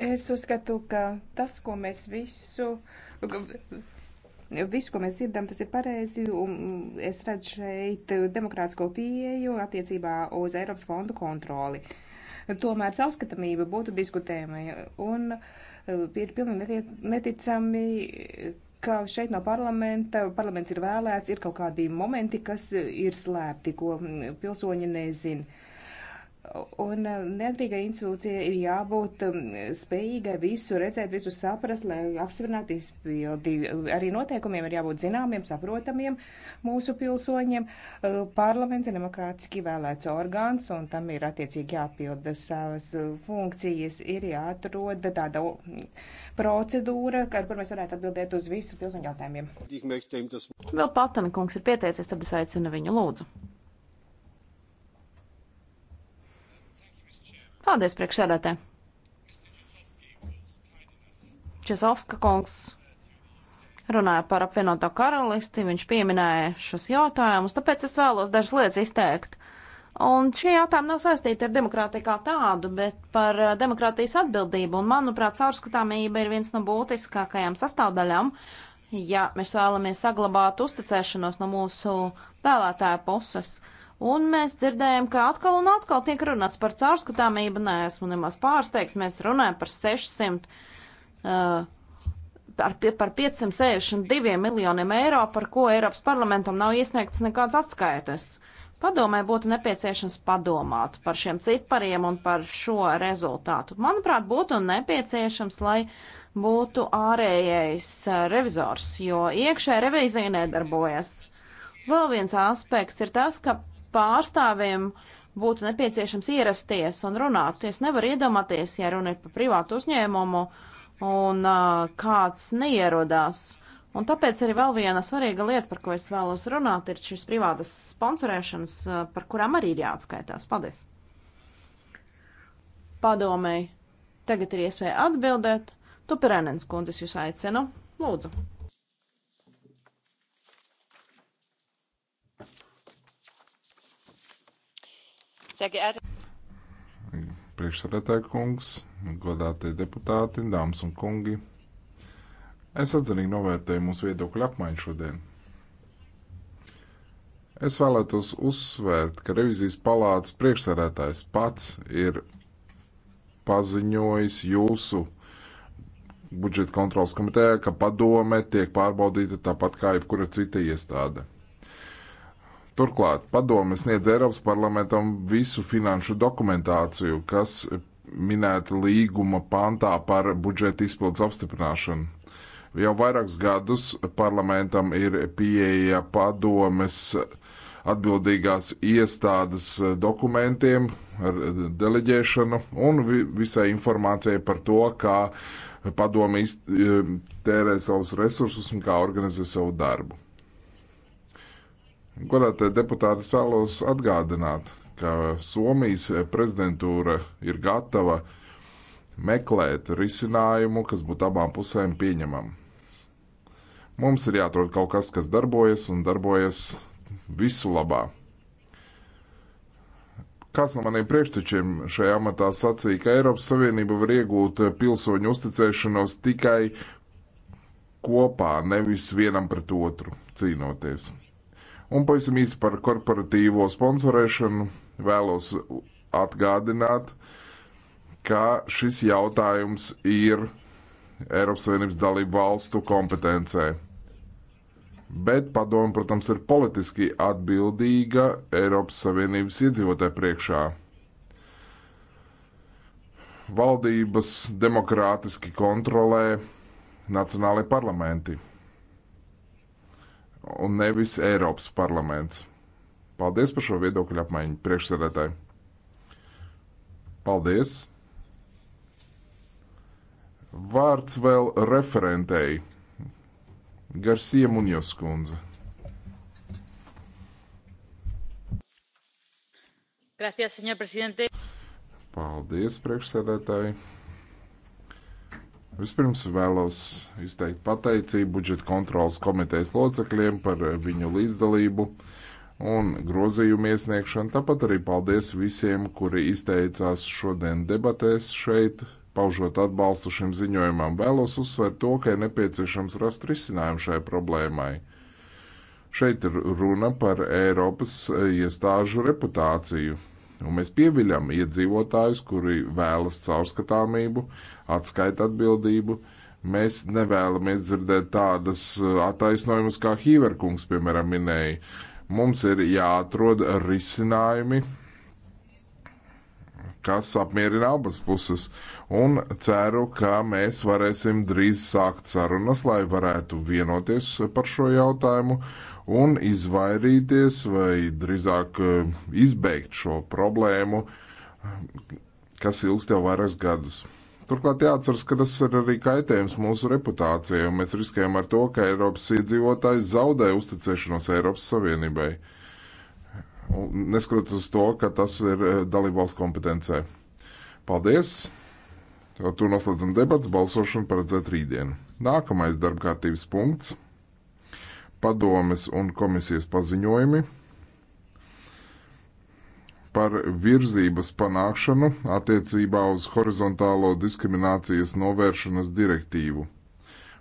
Es uzskatu, ka tas, ko mēs visu, visu, ko mēs dzirdam, tas ir pareizi, un es redzu šeit demokrātisko pieeju attiecībā uz Eiropas fondu kontroli. Tomēr savskatamība būtu diskutējama, un eh, ir pilnīgi neticami ka šeit no parlamenta, parlaments ir vēlēts, ir kaut kādi momenti, kas ir slēpti, ko mm, pilsoņi nezina. Un eh, neatkarīgai institūcijai ir jābūt um, spējīgai visu redzēt, visu saprast, lai apstiprinātu izpildi. Arī noteikumiem ir jābūt zināmiem, saprotamiem mūsu pilsoņiem. Eh, parlaments ir demokrātiski vēlēts orgāns, un tam ir attiecīgi jāpilda savas eh, funkcijas, ir jāatrod tāda mm, procedūra, ar kur mēs varētu atbildēt uz visu pilsoņu jautājumiem. Vēl Patana kungs ir pieteicies, tad es aicinu viņu lūdzu. Paldies, priekšsēdētē. Česovska kungs runāja par apvienoto karalisti, viņš pieminēja šos jautājumus, tāpēc es vēlos dažas lietas izteikt. Un šie jautājumi nav saistīti ar demokrātiju kā tādu, bet par eh, demokrātijas atbildību. Un, manuprāt, caurskatāmība ir viens no būtiskākajām sastāvdaļām, ja mēs vēlamies saglabāt uzticēšanos no mūsu vēlētāju puses. Uh, Un mēs dzirdējam, ka atkal un atkal tiek runāts par caurskatāmību. Nē, esmu nemaz pārsteigts. Mēs runājam par 600, uh, par, par 562 miljoniem eiro, par ko Eiropas parlamentam nav iesniegts nekāds atskaites. Padomē būtu nepieciešams padomāt par šiem cipariem un par šo rezultātu. Manuprāt, būtu nepieciešams, lai būtu ārējais revizors, jo iekšē revīzija nedarbojas. Vēl viens aspekts ir tas, ka pārstāvjiem būtu nepieciešams ierasties un runāt. Es nevaru iedomāties, ja runa ir par privātu uzņēmumu un uh, kāds neierodās. Un tāpēc arī vēl viena svarīga lieta, par ko es vēlos runāt, ir šis privātas sponsorēšanas, uh, par kurām arī ir jāatskaitās. Paldies! Padomēji, tagad ir iespēja atbildēt. Tu, Perenens, kundzes, jūs aicinu. Lūdzu! Priekšsēdētāja kungs, godātie deputāti, dāmas un kungi. Es atzinīgi novērtēju mūsu viedokļu apmaiņu šodien. Es vēlētos uzsvērt, ka revizijas palātas priekšsēdētājs pats ir paziņojis jūsu budžeta kontrolas komitejā, ka padome tiek pārbaudīta tāpat kā jebkura cita iestāde. Turklāt padome sniedz Eiropas parlamentam visu finanšu dokumentāciju, kas minēta līguma pantā par budžeta izpildes apstiprināšanu. Jau vairākus gadus parlamentam ir pieeja padomes atbildīgās iestādes dokumentiem ar deleģēšanu un visai informācijai par to, kā padome eh, tērē savus resursus un kā organizē savu darbu. Godātie deputāti, es vēlos atgādināt, ka Somijas prezidentūra ir gatava meklēt risinājumu, kas būtu abām pusēm pieņemam. Mums ir jāatrod kaut kas, kas darbojas un darbojas visu labā kāds no maniem priekštečiem šajā amatā sacīja, ka Eiropas Savienība var iegūt pilsoņu uzticēšanos tikai kopā, nevis vienam pret otru cīnoties. Un pavisam īsi par korporatīvo sponsorēšanu vēlos atgādināt, ka šis jautājums ir Eiropas Savienības dalību valstu kompetencē. Bet padomu, protams, ir politiski atbildīga Eiropas Savienības iedzīvotāju priekšā. Valdības demokrātiski kontrolē nacionālai parlamenti un nevis Eiropas parlaments. Paldies par šo viedokļu apmaiņu priekšsēdētāji. Paldies! Vārds vēl referentei Garcija Munjos kundze. Gracias, señor presidente. Paldies, priekšsēdētāji. Vispirms vēlos izteikt pateicību budžeta kontrolas komitejas locekļiem par eh, viņu līdzdalību un grozījumu iesniegšanu. Tāpat arī paldies visiem, kuri izteicās šodien debatēs šeit, paužot atbalstu šim ziņojumam. Vēlos uzsvērt to, ka ir nepieciešams rast risinājumu šai problēmai. Šeit ir runa par Eiropas eh, iestāžu reputāciju Un mēs pieviļam iedzīvotājus, kuri vēlas caurskatāmību, atskaita atbildību. Mēs nevēlamies dzirdēt tādas uh, attaisnojumus, kā Hīverkungs, piemēram, minēja. Mums ir jāatrod risinājumi, kas apmierina abas puses, un ceru, ka mēs varēsim drīz sākt sarunas, lai varētu vienoties par šo jautājumu un izvairīties vai drīzāk eh, izbeigt šo problēmu, kas ilgs jau vairākus gadus. Turklāt jāatceras, ka tas ir arī kaitējums mūsu reputācijai, un mēs riskējam ar to, ka Eiropas iedzīvotājs zaudē uzticēšanos Eiropas Savienībai. Neskatoties uz to, ka tas ir eh, dalībvalsts kompetencē. Paldies! Ar to noslēdzam debats, balsošanu paredzēt rītdien. Nākamais darbkārtības punkts padomes un komisijas paziņojumi par virzības panākšanu attiecībā uz horizontālo diskriminācijas novēršanas direktīvu.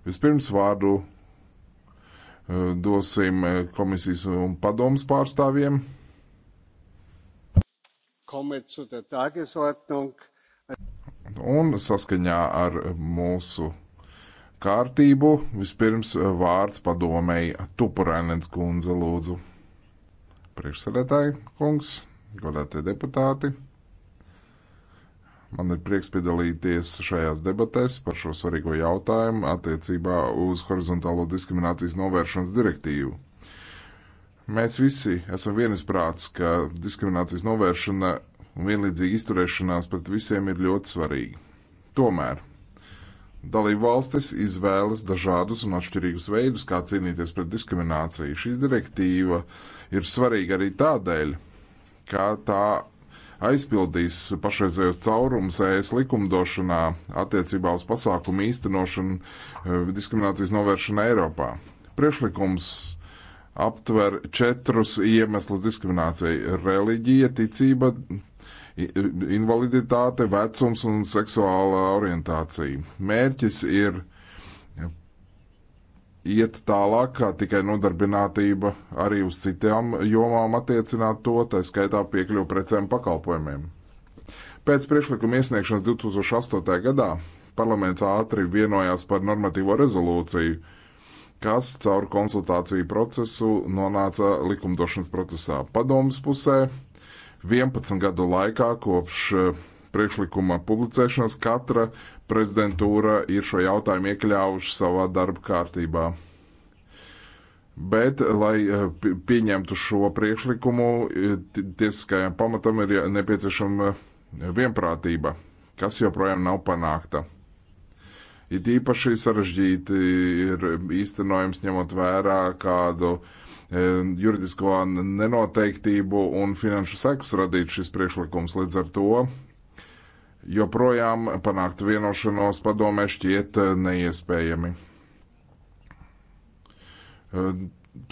Vispirms vārdu eh, dosim eh, komisijas un padomas pārstāvjiem. Un saskaņā ar mūsu kārtību. Vispirms eh, vārds padomēja Tupurainens kundze lūdzu. Priekšsēdētāji kungs, godātie deputāti. Man ir prieks piedalīties šajās debatēs par šo svarīgo jautājumu attiecībā uz horizontālo diskriminācijas novēršanas direktīvu. Mēs visi esam vienisprāts, ka diskriminācijas novēršana un vienlīdzīga izturēšanās pret visiem ir ļoti svarīga. Tomēr Dalību valstis izvēlas dažādus un atšķirīgus veidus, kā cīnīties pret diskrimināciju. Šīs direktīva ir svarīga arī tādēļ, ka tā aizpildīs pašreizējos caurumus ES likumdošanā attiecībā uz pasākumu īstenošanu eh, diskriminācijas novēršanu Eiropā. Priekšlikums aptver četrus iemeslus diskriminācijai - reliģija, ticība, invaliditāte, vecums un seksuālā orientācija. Mērķis ir iet tālāk, kā tikai nodarbinātība, arī uz citām jomām attiecināt to, tā skaitā piekļuvu precēm pakalpojumiem. Pēc priekšlikuma iesniegšanas 2008. gadā parlaments ātri vienojās par normatīvo rezolūciju, kas caur konsultāciju procesu nonāca likumdošanas procesā. Padomas pusē 11 gadu laikā kopš e, priekšlikuma publicēšanas katra prezidentūra ir šo jautājumu iekļāvuši savā darba kārtībā. Bet, lai e, pieņemtu šo priekšlikumu, e, tiesiskajam pamatam ir nepieciešama vienprātība, kas joprojām nav panākta. It īpaši sarežģīti ir īstenojums ņemot vērā kādu juridisko nenoteiktību un finanšu sekus radīt šis priekšlikums. Līdz ar to joprojām panākt vienošanos padomē šķiet eh, neiespējami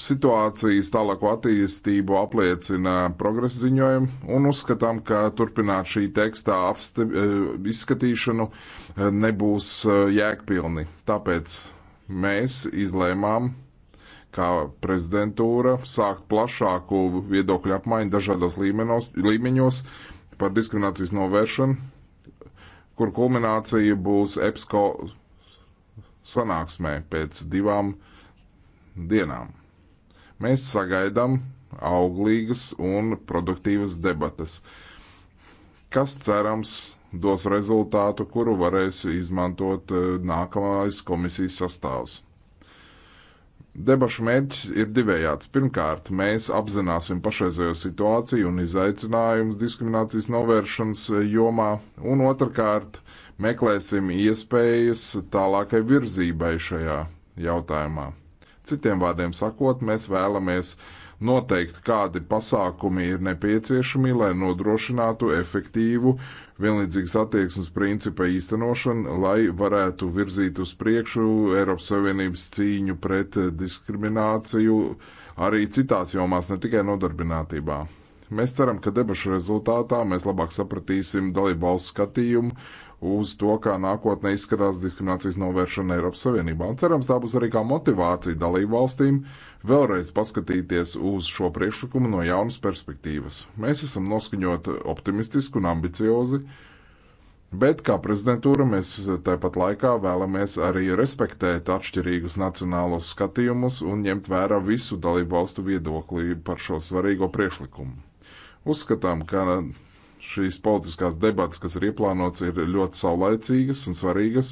situācijas tālāko attīstību apliecina progresa ziņojumu un uzskatām, ka turpināt šī tekstā apsti, e, izskatīšanu e, nebūs e, jēgpilni. Tāpēc mēs izlēmām, kā prezidentūra, sākt plašāku viedokļu apmaiņu dažādos līmenos, līmeņos par diskriminācijas novēršanu, kur kulminācija būs EPSCO sanāksmē pēc divām dienām. Mēs sagaidām auglīgas un produktīvas debatas, kas cerams dos rezultātu, kuru varēs izmantot eh, nākamais komisijas sastāvs. Debašu mērķis ir divējāds. Pirmkārt, mēs apzināsim pašreizējo situāciju un izaicinājumus diskriminācijas novēršanas eh, jomā, un otrkārt, meklēsim iespējas tālākai virzībai šajā jautājumā. Citiem vārdiem sakot, mēs vēlamies noteikt, kādi pasākumi ir nepieciešami, lai nodrošinātu efektīvu vienlīdzīgas attieksmes principa īstenošanu, lai varētu virzīt uz priekšu Eiropas Savienības cīņu pret diskrimināciju arī citās jomās, ne tikai nodarbinātībā. Mēs ceram, ka debašu rezultātā mēs labāk sapratīsim dalību valsts skatījumu uz to, kā nākotnē izskatās diskriminācijas novēršana Eiropas Savienībā. Un cerams, tā būs arī kā motivācija dalību valstīm vēlreiz paskatīties uz šo priekšlikumu no jaunas perspektīvas. Mēs esam noskaņoti optimistiski un ambiciozi, bet kā prezidentūra mēs tāpat laikā vēlamies arī respektēt atšķirīgus nacionālos skatījumus un ņemt vērā visu dalību valstu viedoklī par šo svarīgo priekšlikumu. Uzskatām, ka šīs politiskās debatas, kas ir ieplānotas, ir ļoti saulaicīgas un svarīgas,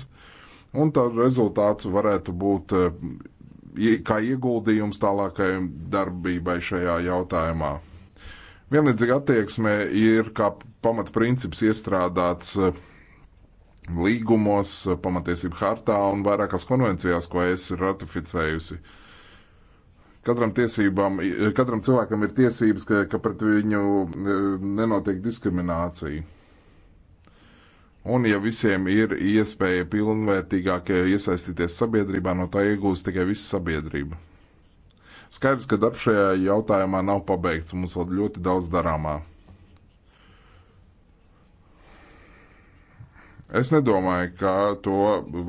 un tā rezultāts varētu būt eh, kā ieguldījums tālākajai darbībai šajā jautājumā. Vienlīdzīga attieksme ir kā pamatprincips iestrādāts eh, līgumos, eh, pamatiesību hartā un vairākās konvencijās, ko es ir ratificējusi. Uh, Katram, tiesībām, katram cilvēkam ir tiesības, ka, ka pret viņu e, nenotiek diskriminācija. Un ja visiem ir iespēja pilnvērtīgāk iesaistīties sabiedrībā, no tā iegūst tikai visa sabiedrība. Skaidrs, ka darbs šajā jautājumā nav pabeigts, mums vēl ļoti daudz darāmā. Es nedomāju, ka to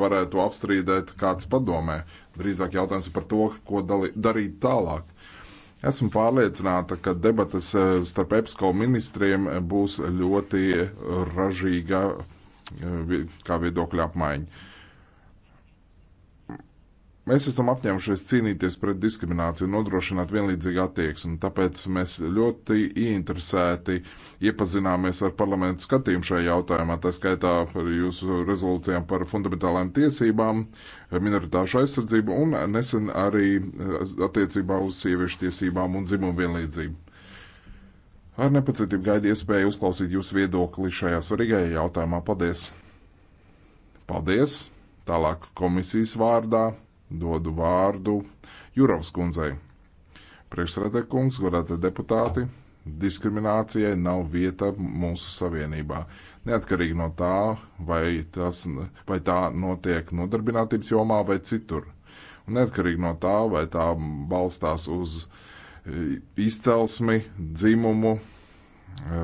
varētu apstrīdēt kāds padomē. Drīzāk jautājums par to, ko dali, darīt tālāk. Esmu pārliecināta, ka debatas eh, starp EPSCO ministriem būs ļoti ražīga, eh, kā viedokļa apmaiņa. Mēs esam apņēmušies cīnīties pret diskrimināciju, nodrošināt vienlīdzīgu attieksmi, tāpēc mēs ļoti ieinteresēti iepazināmies ar parlamentu skatījumu šajā jautājumā, tā skaitā par jūsu rezolūcijām par fundamentālām tiesībām, minoritāšu aizsardzību un nesen arī eh, attiecībā uz sieviešu tiesībām un dzimumu vienlīdzību. Ar nepacietību gaidu iespēju uzklausīt jūsu viedokli šajā svarīgajā jautājumā. Paldies! Paldies! Tālāk komisijas vārdā dodu vārdu Jurovs kundzei. Priekšsredē kungs, godātie deputāti, diskriminācijai nav vieta mūsu savienībā. Neatkarīgi no tā, vai, tas, vai tā notiek nodarbinātības jomā vai citur. Un neatkarīgi no tā, vai tā balstās uz e, izcelsmi, dzimumu, e,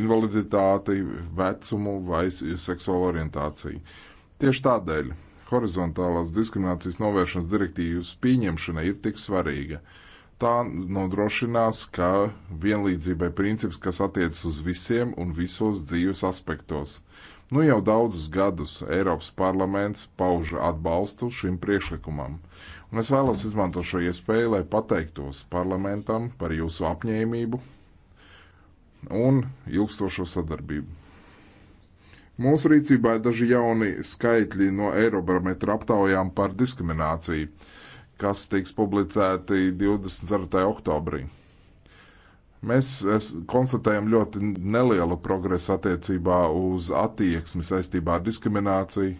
invaliditāti, vecumu vai seksuālu orientāciju. Tieši tādēļ horizontālās diskriminācijas novēršanas direktīvas pieņemšana ir tik svarīga. Tā nodrošinās, ka vienlīdzībai princips, kas attiecas uz visiem un visos dzīves aspektos. Nu jau daudzus gadus Eiropas parlaments pauž atbalstu šim priekšlikumam, un es vēlos izmantot šo iespēju, lai pateiktos parlamentam par jūsu apņēmību un ilgstošo sadarbību. Mūsu rīcībā ir daži jauni skaitļi no Eirobarometra aptaujām par diskrimināciju, kas tiks publicēti 24. oktobrī. Mēs es, konstatējam ļoti nelielu progresu attiecībā uz attieksmi saistībā ar diskrimināciju,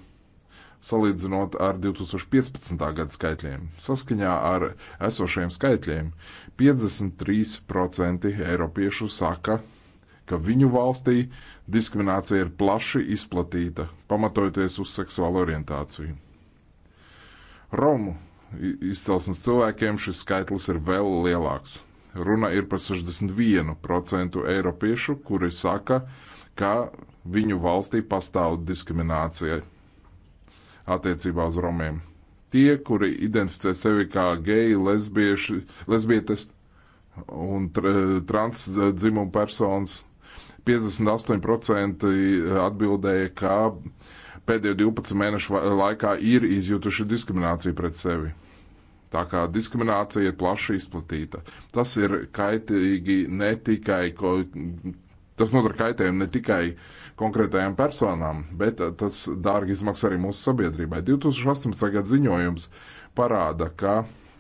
salīdzinot ar 2015. gada skaitļiem. Saskaņā ar esošajiem skaitļiem 53% eiropiešu saka, ka viņu valstī diskriminācija ir plaši izplatīta, pamatojoties uz seksuālu orientāciju. Romu izcelsmes cilvēkiem šis skaitlis ir vēl lielāks. Runa ir par 61% eiropiešu, kuri saka, ka viņu valstī pastāv diskriminācija attiecībā uz romiem. Tie, kuri identificē sevi kā geji, lesbieši, lesbietes un tra transdzimumu personas, 58% atbildēja, ka pēdējo 12 mēnešu laikā ir izjutuši diskrimināciju pret sevi. Tā kā diskriminācija ir plaši izplatīta. Tas ir kaitīgi ne tikai, ko, tas nodara kaitējumu ne tikai konkrētajām personām, bet tas dārgi izmaksā arī mūsu sabiedrībai. 2018. gada ziņojums parāda, ka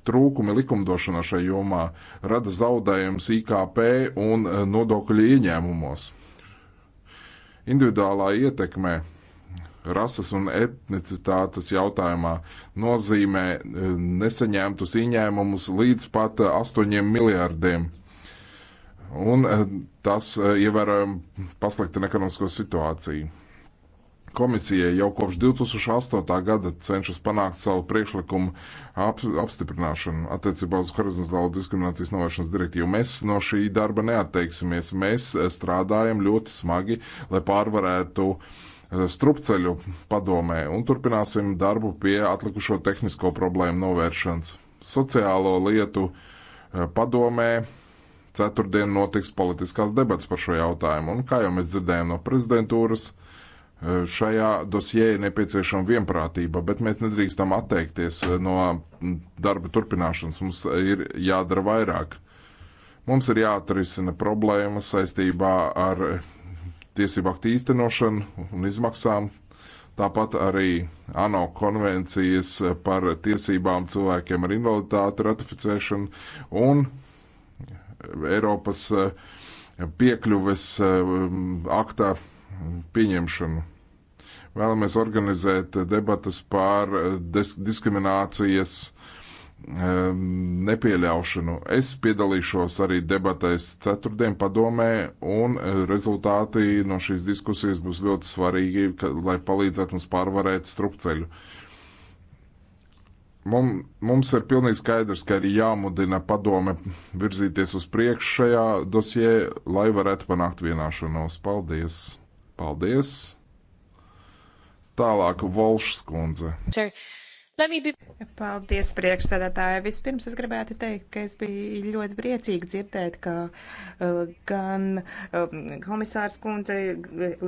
Trūkumi likumdošanā šajā jomā rada zaudējumus IKP un eh, nodokļu ieņēmumos. Individuālā ietekme rases un etnicitātes jautājumā nozīmē eh, nesaņemtus ieņēmumus līdz pat 8 eh, miljardiem. Un tas ievērojami pasliktina ekonomisko situāciju. Komisija jau kopš 2008. gada cenšas panākt savu priekšlikumu ap, apstiprināšanu attiecībā uz horizontālo diskriminācijas novēršanas direktīvu. Mēs no šī darba neatteiksimies. Mēs eh, strādājam ļoti smagi, lai pārvarētu eh, strupceļu padomē un turpināsim darbu pie atlikušo tehnisko problēmu novēršanas. Sociālo lietu eh, padomē ceturtdien notiks politiskās debats par šo jautājumu, un kā jau mēs dzirdējām no prezidentūras, Šajā dosijē ir nepieciešama vienprātība, bet mēs nedrīkstam atteikties eh, no darba turpināšanas. Mums ir jādara vairāk. Mums ir jāatrisina problēmas saistībā ar tiesību aktu īstenošanu un izmaksām. Tāpat arī ANO konvencijas par tiesībām cilvēkiem ar invaliditāti ratificēšanu un Eiropas eh, piekļuves eh, akta pieņemšanu. Vēlamies organizēt debatas pār eh, diskriminācijas ehm, nepieļaušanu. Es piedalīšos arī debatēs ceturtdien padomē, un eh, rezultāti no šīs diskusijas būs ļoti svarīgi, ka, lai palīdzētu mums pārvarēt strupceļu. Mum, mums ir pilnīgi skaidrs, ka ir jāmudina padome virzīties uz priekšu šajā dosjē, lai varētu panākt vienāšanos. Paldies! Paldies! Tālāk Volšs kundze. Sure. Be... Paldies, priekšsēdētāji. Vispirms es gribētu teikt, ka es biju ļoti priecīgi dzirdēt, ka uh, gan uh, komisārs kundze,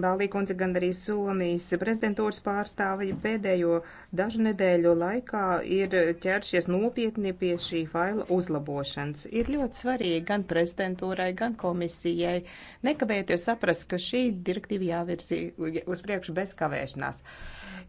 Lālī kundze, gan arī Somijas prezidentūras pārstāvji pēdējo dažu nedēļu laikā ir ķeršies nopietni pie šī faila uzlabošanas. Ir ļoti svarīgi gan prezidentūrai, gan komisijai nekavējoties saprast, ka šī direktīva jāvirzi uz priekšu bez kavēšanās.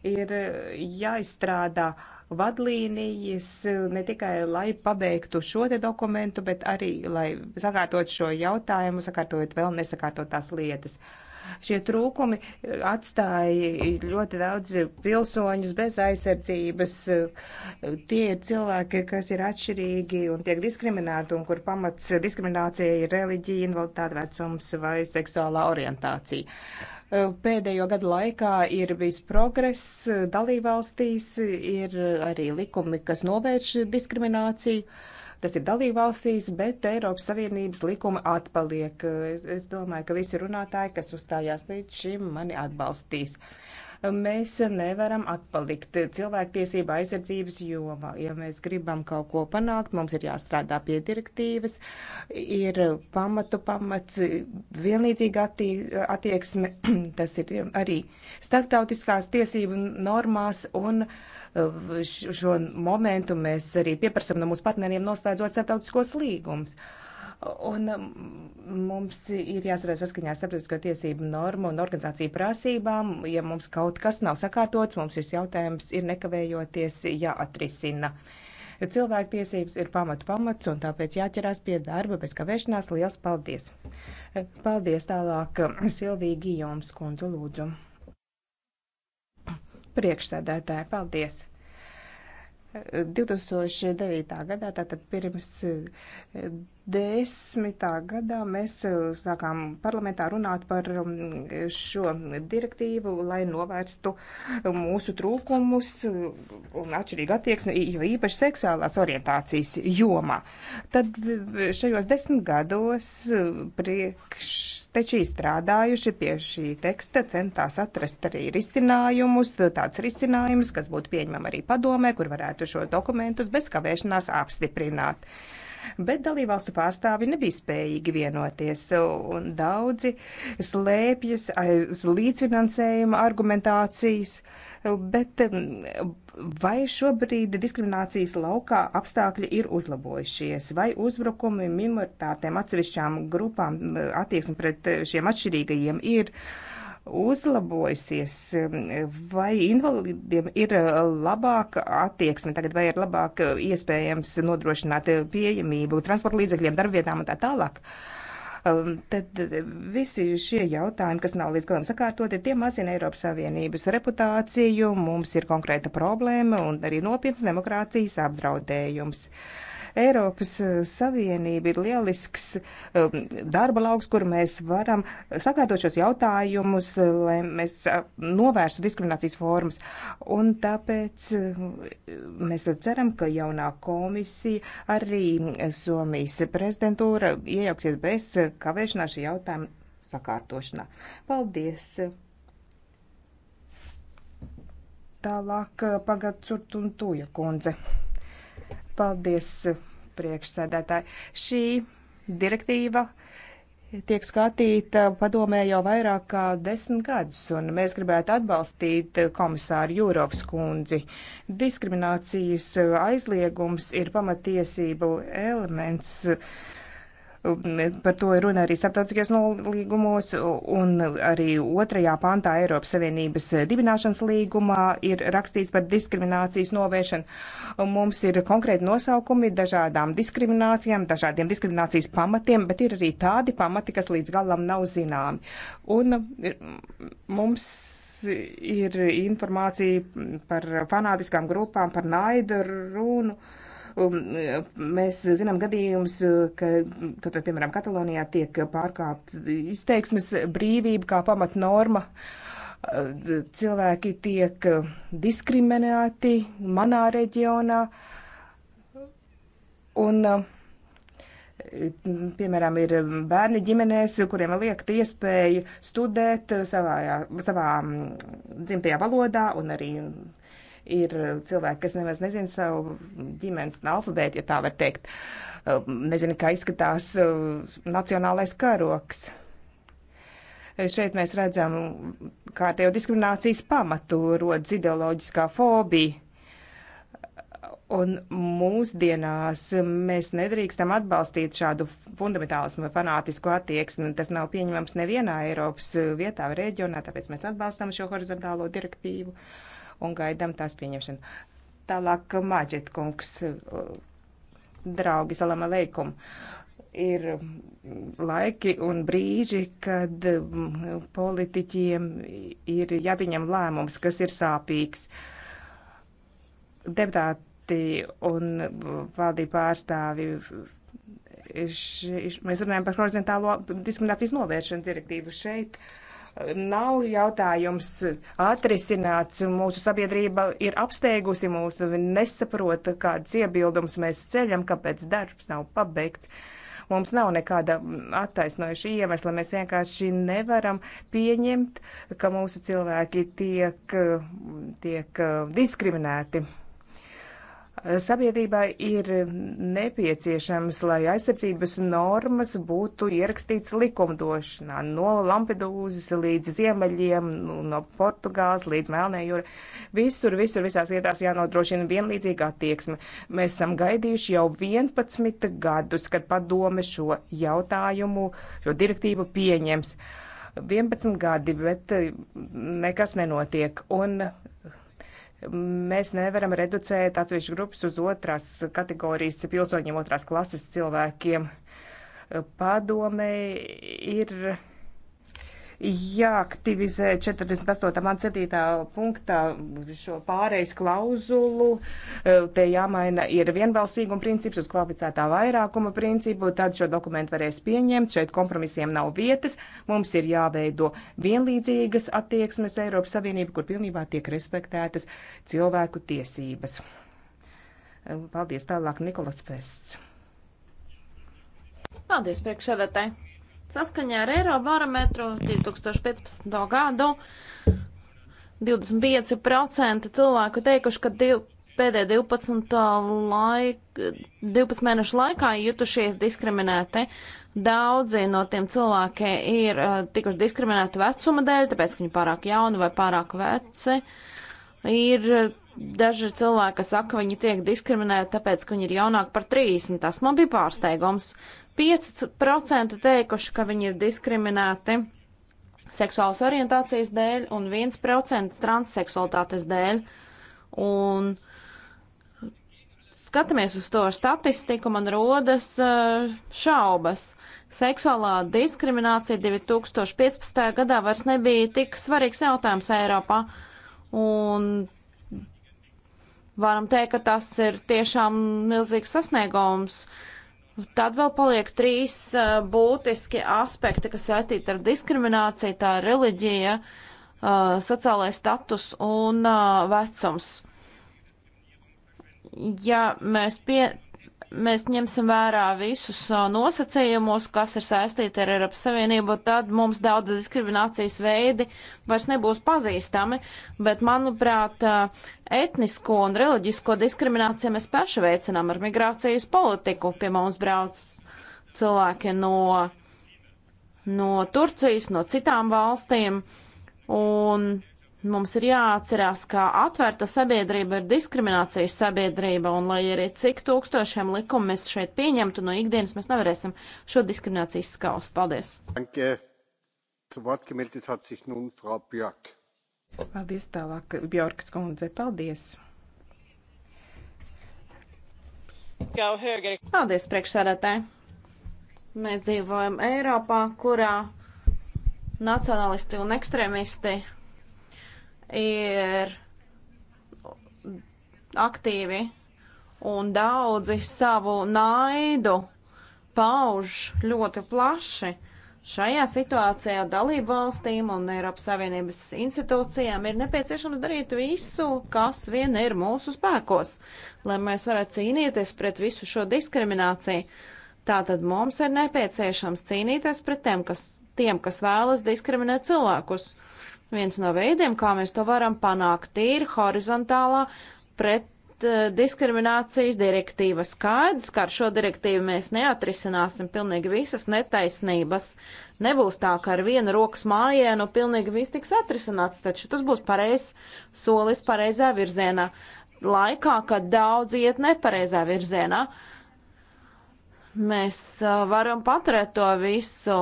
Ir uh, jāizstrādā uh, vadlīnijas ne tikai, lai pabeigtu šo te dokumentu, bet arī, lai sakārtot šo jautājumu, sakārtojot vēl nesakārtotās lietas. Uh, Šie trūkumi eh, atstāja ļoti daudz pilsoņus bez aizsardzības. Eh, tie ir cilvēki, kas ir atšķirīgi un tiek diskriminēti, un kur pamats diskriminācija ir reliģija, invaliditāte, vecums vai seksuālā orientācija eh, pēdējo gadu laikā ir bijis progress dalībvalstīs, ir arī likumi, kas novērš diskrimināciju. Tas ir dalībvalstīs, bet Eiropas Savienības likuma atpaliek. Es, es domāju, ka visi runātāji, kas uzstājās līdz šim, mani atbalstīs. Uh, mēs nevaram atpalikt cilvēktiesība aizsardzības jomā. Ja mēs gribam kaut ko panākt, mums ir jāstrādā pie direktīvas, ir pamatu pamats, vienlīdzīga attī, attieksme, [CLEARS THROAT] tas ir arī starptautiskās tiesību normās un uh, šo momentu mēs arī pieprasam no mūsu partneriem noslēdzot starptautiskos līgumus. Un mm, mums ir jāsarās saskaņā starptautisko tiesību normu un organizāciju prasībām. Ja mums kaut kas nav sakārtots, mums šis jautājums ir nekavējoties jāatrisina. Cilvēktiesības ir pamatu pamats, un tāpēc jāķerās pie darba bez kavēšanās. Liels paldies! Paldies tālāk Silvija Gijoms kundze lūdzu. Priekšsēdētāji, paldies! 2009. gadā, tātad pirms eh, desmitā gadā, mēs eh, sākām parlamentā runāt par mm, šo direktīvu, lai novērstu mm, mūsu trūkumus mm, un atšķirīgu attieksmi, jo īpaši seksuālās orientācijas jomā. Tad eh, šajos desmit gados priekš taču strādājuši pie šī teksta, centās atrast arī risinājumus, tāds risinājums, kas būtu pieņemam arī padomē, kur varētu šo dokumentus bez kavēšanās apstiprināt. Bet dalībvalstu pārstāvi nebija spējīgi vienoties, un daudzi slēpjas aiz līdzfinansējuma argumentācijas. Uh, bet vai šobrīd diskriminācijas laukā apstākļi ir uzlabojušies, vai uzbrukumi minoritātēm atsevišķām grupām attieksme pret šiem atšķirīgajiem ir uzlabojusies, vai invalidiem ir labāka attieksme tagad, vai ir labāk iespējams nodrošināt pieejamību transporta līdzekļiem, darbvietām un tā tālāk. Uh, Um, tad visi šie jautājumi, kas nav līdz galam sakārtoti, tie mazina Eiropas Savienības reputāciju, mums ir konkrēta problēma un arī nopietns demokrātijas apdraudējums. Uh, Eiropas eh, Savienība ir lielisks eh, darba lauks, kur mēs varam sakārtot šos jautājumus, eh, lai mēs novērstu diskriminācijas formas. Un tāpēc mēs ceram, ka jaunā komisija arī Somijas prezidentūra iejauksies bez kavēšanās šī jautājuma sakārtošanā. Paldies! Tālāk pagad Curtuntuja kundze. Paldies, priekšsēdētāji. Šī direktīva tiek skatīta padomē jau vairāk kā desmit gadus, un mēs gribētu atbalstīt komisāru Jūrovs kundzi. Diskriminācijas aizliegums ir pamatiesību elements. Uh, Par to ir runa arī starptautiskajos nolīgumos, un arī otrajā pantā Eiropas Savienības dibināšanas līgumā ir rakstīts par diskriminācijas novēršanu. Mums ir konkrēti nosaukumi dažādām diskriminācijām, dažādiem diskriminācijas pamatiem, bet ir arī tādi pamati, kas līdz galam nav zināmi. Un mm, mums ir informācija par fanātiskām grupām, par naidu runu. Uh, Mēs zinām gadījumus, ka, kad, piemēram, Katalonijā tiek pārkāpt izteiksmes brīvība kā pamatnorma. Cilvēki tiek diskriminēti manā reģionā. Un, piemēram, ir bērni ģimenēs, kuriem liekt iespēju studēt savā, savā mm, dzimtajā valodā un arī Ir cilvēki, kas nemaz nezina savu ģimenes alfabētu, ja tā var teikt. Uh, Nezinu, kā izskatās uh, nacionālais karoks. Uh, šeit mēs redzam, kā te jau diskriminācijas pamatu rodas ideoloģiskā fobija. Un mūsdienās mēs nedrīkstam atbalstīt šādu fundamentālismu vai fanātisku attieksmi. Tas nav pieņemams nevienā Eiropas vietā vai reģionā, tāpēc mēs atbalstam šo horizontālo direktīvu. Uh, un gaidām tās pieņemšanu. Tālāk Maģet kungs, draugi, salam aleikum. Ir laiki un brīži, kad mm, politiķiem ir jāpieņem lēmums, kas ir sāpīgs. Deputāti un valdība pārstāvi Š, š, mēs runājam par horizontālo diskriminācijas novēršanas direktīvu. Šeit nav jautājums atrisināts. Mūsu sabiedrība ir apsteigusi mūsu, nesaprota, kādas iebildumus mēs ceļam, kāpēc darbs nav pabeigts. Mums nav nekāda attaisnojuša iemesla, mēs vienkārši nevaram pieņemt, ka mūsu cilvēki tiek, tiek uh, diskriminēti. Sabiedrībā ir nepieciešams, lai aizsardzības normas būtu ierakstīts likumdošanā no Lampedūzas līdz Ziemeļiem, no Portugāles līdz Melnējūra. Visur, visur, visās vietās jānodrošina vienlīdzīga attieksme. Mēs esam gaidījuši jau 11 gadus, kad padome šo jautājumu, šo direktīvu pieņems. 11 gadi, bet nekas nenotiek. Un Mēs nevaram reducēt atsevišķu grupas uz otrās kategorijas pilsoņiem, otrās klases cilvēkiem. Padome ir jāaktivizē 48. man 7. punktā šo pārejas klauzulu. Te jāmaina ir vienbalsīguma princips uz kvalificētā vairākuma principu, tad šo dokumentu varēs pieņemt. Šeit kompromisiem nav vietas. Mums ir jāveido vienlīdzīgas attieksmes Eiropas Savienība, kur pilnībā tiek respektētas cilvēku tiesības. Paldies tālāk, Nikolas Fests. Paldies, priekšsēdētāji! Saskaņā ar Eirobarometru 2015. gadu 25% cilvēku teikuši, ka div, pēdējā 12, laik, 12 mēnešu laikā jutušies diskriminēti. Daudzi no tiem cilvēkiem ir uh, tikuši diskriminēti vecuma dēļ, tāpēc, ka viņi pārāk jauni vai pārāk veci. Ir eh, daži cilvēki, kas saka, ka viņi tiek diskriminēti, tāpēc, ka viņi ir jaunāki par 30. Tas man bija pārsteigums. 5% teikuši, ka viņi ir diskriminēti seksuālas orientācijas dēļ un 1% transseksualitātes dēļ. Un skatāmies uz to statistiku, man rodas eh, šaubas. Seksuālā diskriminācija 2015. gadā vairs nebija tik svarīgs jautājums Eiropā. Un varam teikt, ka tas ir tiešām milzīgs sasniegums. Uh, Tad vēl paliek trīs uh, būtiski aspekti, kas saistīti ar diskrimināciju, tā ir reliģija, uh, sociālais status un uh, vecums. Ja mēs pie, mēs ņemsim vērā visus uh, nosacījumus, kas ir saistīti ar Eiropas Savienību, tad mums daudz diskriminācijas veidi vairs nebūs pazīstami, bet, manuprāt, uh, etnisko un reliģisko diskrimināciju mēs paši veicinām ar migrācijas politiku. Pie mums brauc cilvēki no, no Turcijas, no citām valstīm, un Mums ir jāatcerās, ka atvērta sabiedrība ir diskriminācijas sabiedrība, un lai arī cik tūkstošiem likumu mēs šeit pieņemtu no ikdienas, mēs nevarēsim šo diskrimināciju skaust. Paldies! Paldies tālāk, Bjorkas kundze, paldies! Paldies, priekšsēdētāji! Mēs dzīvojam Eiropā, kurā nacionalisti un ekstrēmisti ir aktīvi un daudzi savu naidu pauž ļoti plaši. Šajā situācijā dalību valstīm un Eiropas Savienības institūcijām ir nepieciešams darīt visu, kas vien ir mūsu spēkos, lai mēs varētu cīnīties pret visu šo diskrimināciju. Tātad mums ir nepieciešams cīnīties pret tiem, kas, tiem, kas vēlas diskriminēt cilvēkus. Uh, Viens no veidiem, kā mēs to varam panākt, ir horizontālā pret eh, diskriminācijas direktīva. Skaidrs, ka ar šo direktīvu mēs neatrisināsim pilnīgi visas netaisnības. Nebūs tā, ka ar vienu rokas mājienu pilnīgi viss tiks atrisināts, taču tas būs pareizs solis pareizā virzienā. Laikā, kad daudz iet nepareizā virzienā, mēs eh, varam paturēt to visu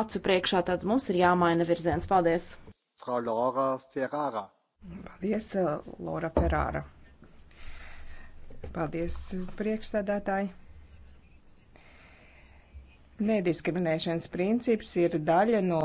acu priekšā, tad mums ir jāmaina virziens. Paldies! Frau Laura Ferrara. Paldies, eh, Laura Ferrara. Paldies, priekšsēdētāji. Nediskriminēšanas princips ir daļa no